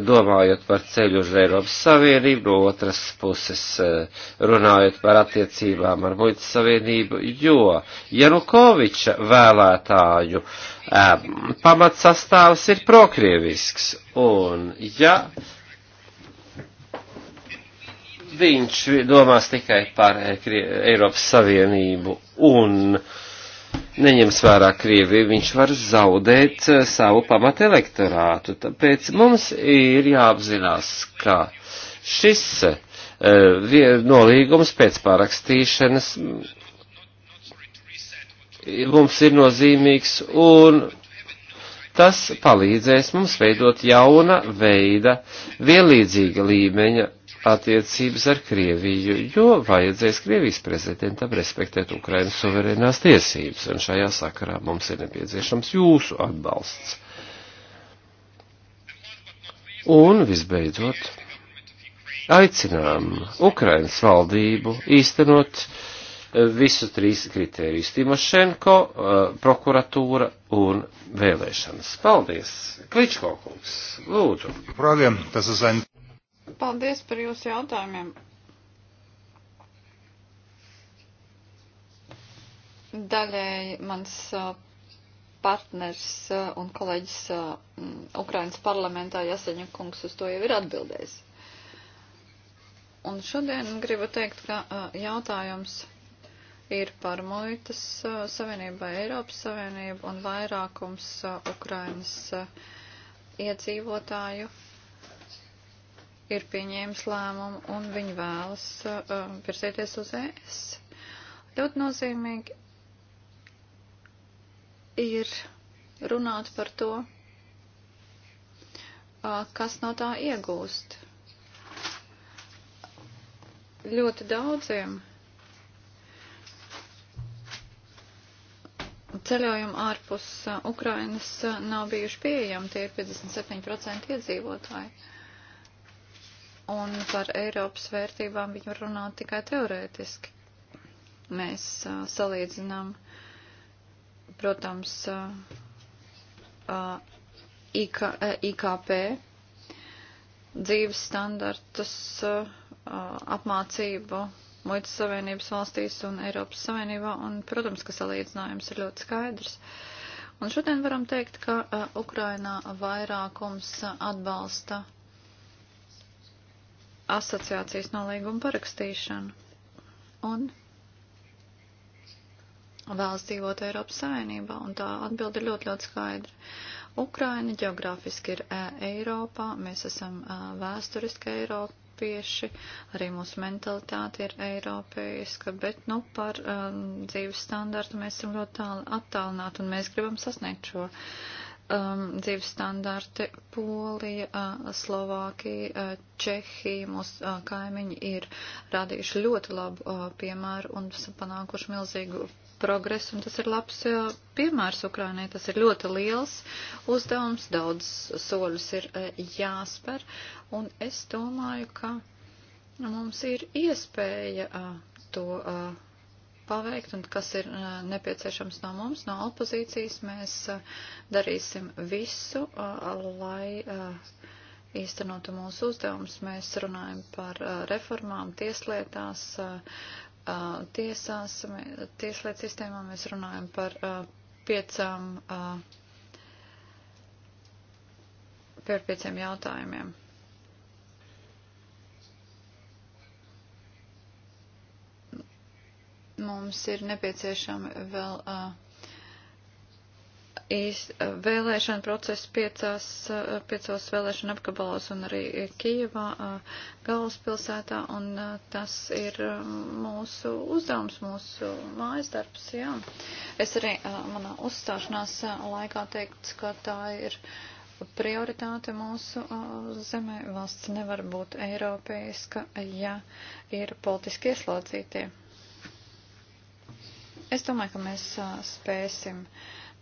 domājot par ceļu uz Eiropas Savienību, no otras puses runājot par attiecībām ar Muitas Savienību, jo Janukoviča vēlētāju eh, pamatsastāvs ir prokrievisks, un ja viņš domās tikai par eh, Eiropas Savienību un neņems vērā Krieviju, viņš var zaudēt eh, savu pamat elektorātu. Tāpēc mums ir jāapzinās, ka šis eh, nolīgums pēc pārakstīšanas mums ir nozīmīgs un tas palīdzēs mums veidot jauna veida vienlīdzīga līmeņa attiecības ar Krieviju, jo vajadzēs Krievijas prezidentam respektēt Ukrainas suverēnās tiesības, un šajā sakarā mums ir nepieciešams jūsu atbalsts. Un visbeidzot, aicinām Ukrainas valdību īstenot eh, visus trīs kritērijus - Timošenko, eh, prokuratūra un vēlēšanas. Paldies! Kličko kungs, lūdzu! Praviem, tas ir zaini. Paldies par jūsu jautājumiem. Daļēji mans partners un kolēģis Ukrainas parlamentā Jaseņa kungs uz to jau ir atbildējis. Un šodien gribu teikt, ka jautājums ir par muitas savienību vai Eiropas savienību un vairākums Ukrainas iedzīvotāju ir pieņēmis lēmumu un viņi vēlas uh, um, virzēties uz ES. Ļoti nozīmīgi ir runāt par to, uh, kas no tā iegūst. Ļoti daudziem ceļojumi ārpus uh, Ukrainas uh, nav bijuši pieejami, tie ir 57% iedzīvotāji un par Eiropas vērtībām viņi var runāt tikai teorētiski. Mēs uh, salīdzinām, protams, uh, uh, IK, uh, IKP dzīves standartus, uh, apmācību muitas savienības valstīs un Eiropas Savienībā, un, protams, ka salīdzinājums ir ļoti skaidrs. Un šodien varam teikt, ka uh, Ukrainā vairākums atbalsta uh, asociācijas nolīgumu parakstīšanu un vēlas dzīvot Eiropas Savienībā, un tā atbilde ir ļoti, ļoti skaidra. Ukraina geogrāfiski ir Eiropā, mēs esam vēsturiski Eiropieši, arī mūsu mentalitāte ir eiropeiska, bet, nu, par um, dzīves standartu mēs esam ļoti tālu attālināti, un mēs gribam sasniegt šo uh, um, dzīves standarti Polija, uh, Slovākija, uh, Čehija, mūsu uh, kaimiņi ir rādījuši ļoti labu uh, piemēru un panākuši milzīgu progresu, un tas ir labs uh, piemērs Ukrainai. Tas ir ļoti liels uzdevums, daudz soļus ir uh, jāsper, un es domāju, ka mums ir iespēja uh, to. Uh, paveikt un kas ir nepieciešams no mums, no opozīcijas. Mēs darīsim visu, lai īstenotu mūsu uzdevumus. Mēs runājam par reformām tieslietās, tiesās, tieslietu sistēmā. Mēs runājam par piecām, par pieciem jautājumiem mums ir nepieciešami vēl īs, vēlēšana procesa piecās, piecos vēlēšana apgabalos un arī Kijavā galvaspilsētā, un tas ir mūsu uzdevums, mūsu mājas darbs, jā. Es arī manā uzstāšanās laikā teikts, ka tā ir prioritāte mūsu zemē. Valsts nevar būt eiropeiska, ja ir politiski ieslodzītie. Es domāju, ka mēs spēsim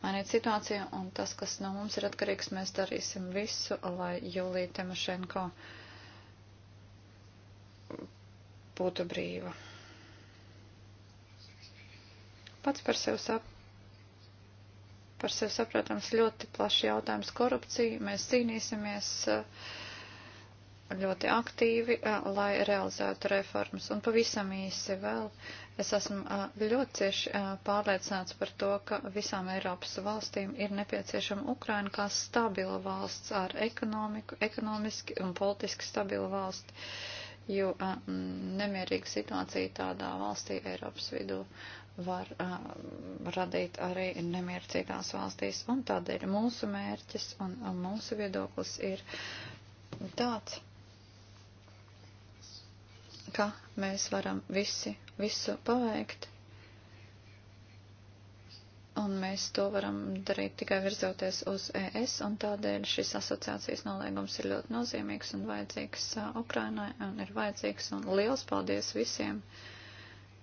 mainīt situāciju, un tas, kas no mums ir atkarīgs, mēs darīsim visu, lai Julija Temašenko būtu brīva. Pats par sevi saprotu par sevi saprotams ļoti plašs jautājums korupcija. Mēs cīnīsimies uh, ļoti aktīvi, lai realizētu reformas. Un pavisam īsi vēl es esmu ļoti cieši pārliecināts par to, ka visām Eiropas valstīm ir nepieciešama Ukraina kā stabila valsts ar ekonomiku, ekonomiski un politiski stabila valsts, jo nemierīga situācija tādā valstī Eiropas vidū var uh, radīt arī nemieru citās valstīs, un tādēļ mūsu mērķis un, un mūsu viedoklis ir tāds ka mēs varam visi visu paveikt. Un mēs to varam darīt tikai virzoties uz ES, un tādēļ šis asociācijas nolēgums ir ļoti nozīmīgs un vajadzīgs uh, Ukrainai, un ir vajadzīgs, un liels paldies visiem! Uh,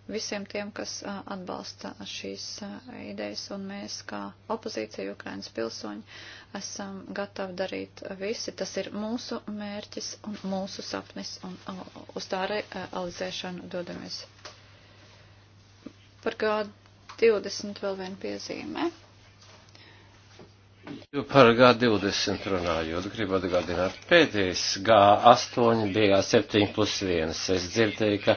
visiem tiem, kas atbalsta šīs idejas, un mēs kā opozīcija, Ukrainas pilsoņi, esam gatavi darīt visi. Tas ir mūsu mērķis un mūsu sapnis, un uz tā realizēšanu dodamies. Par gadu 20 vēl viena piezīme. Par G20 runājot, gribu atgādināt, pēdējais G8 bija 7 plus 1. Es dzirdēju, ka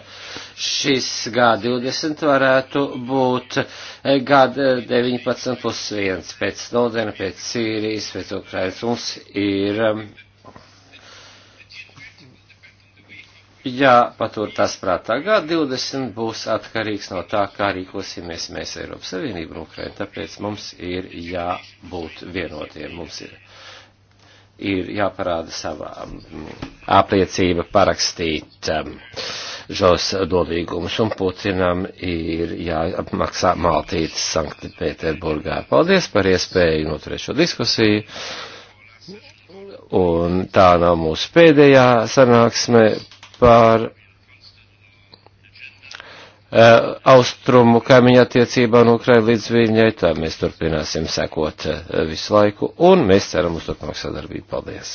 šis G20 varētu būt G19 plus 1 pēc Snowdena, pēc Sīrijas, pēc Ukrainas. Mums ir um, jāpatur tas prātā. G20 būs atkarīgs no tā, kā rīkosimies mēs Eiropas Savienību un Ukraina, tāpēc mums ir jābūt vienotiem. Mums ir, ir jāparāda savā apliecība parakstīt um, žos dodīgumus un Putinam ir jāmaksā maltītes Sanktpēterburgā. Paldies par iespēju noturēt šo diskusiju un tā nav mūsu pēdējā sanāksme par eh, austrumu kaimiņa attiecībā no Ukraina līdz Viļņai, tā mēs turpināsim sekot eh, visu laiku, un mēs ceram uz turpmāk sadarbību. Paldies!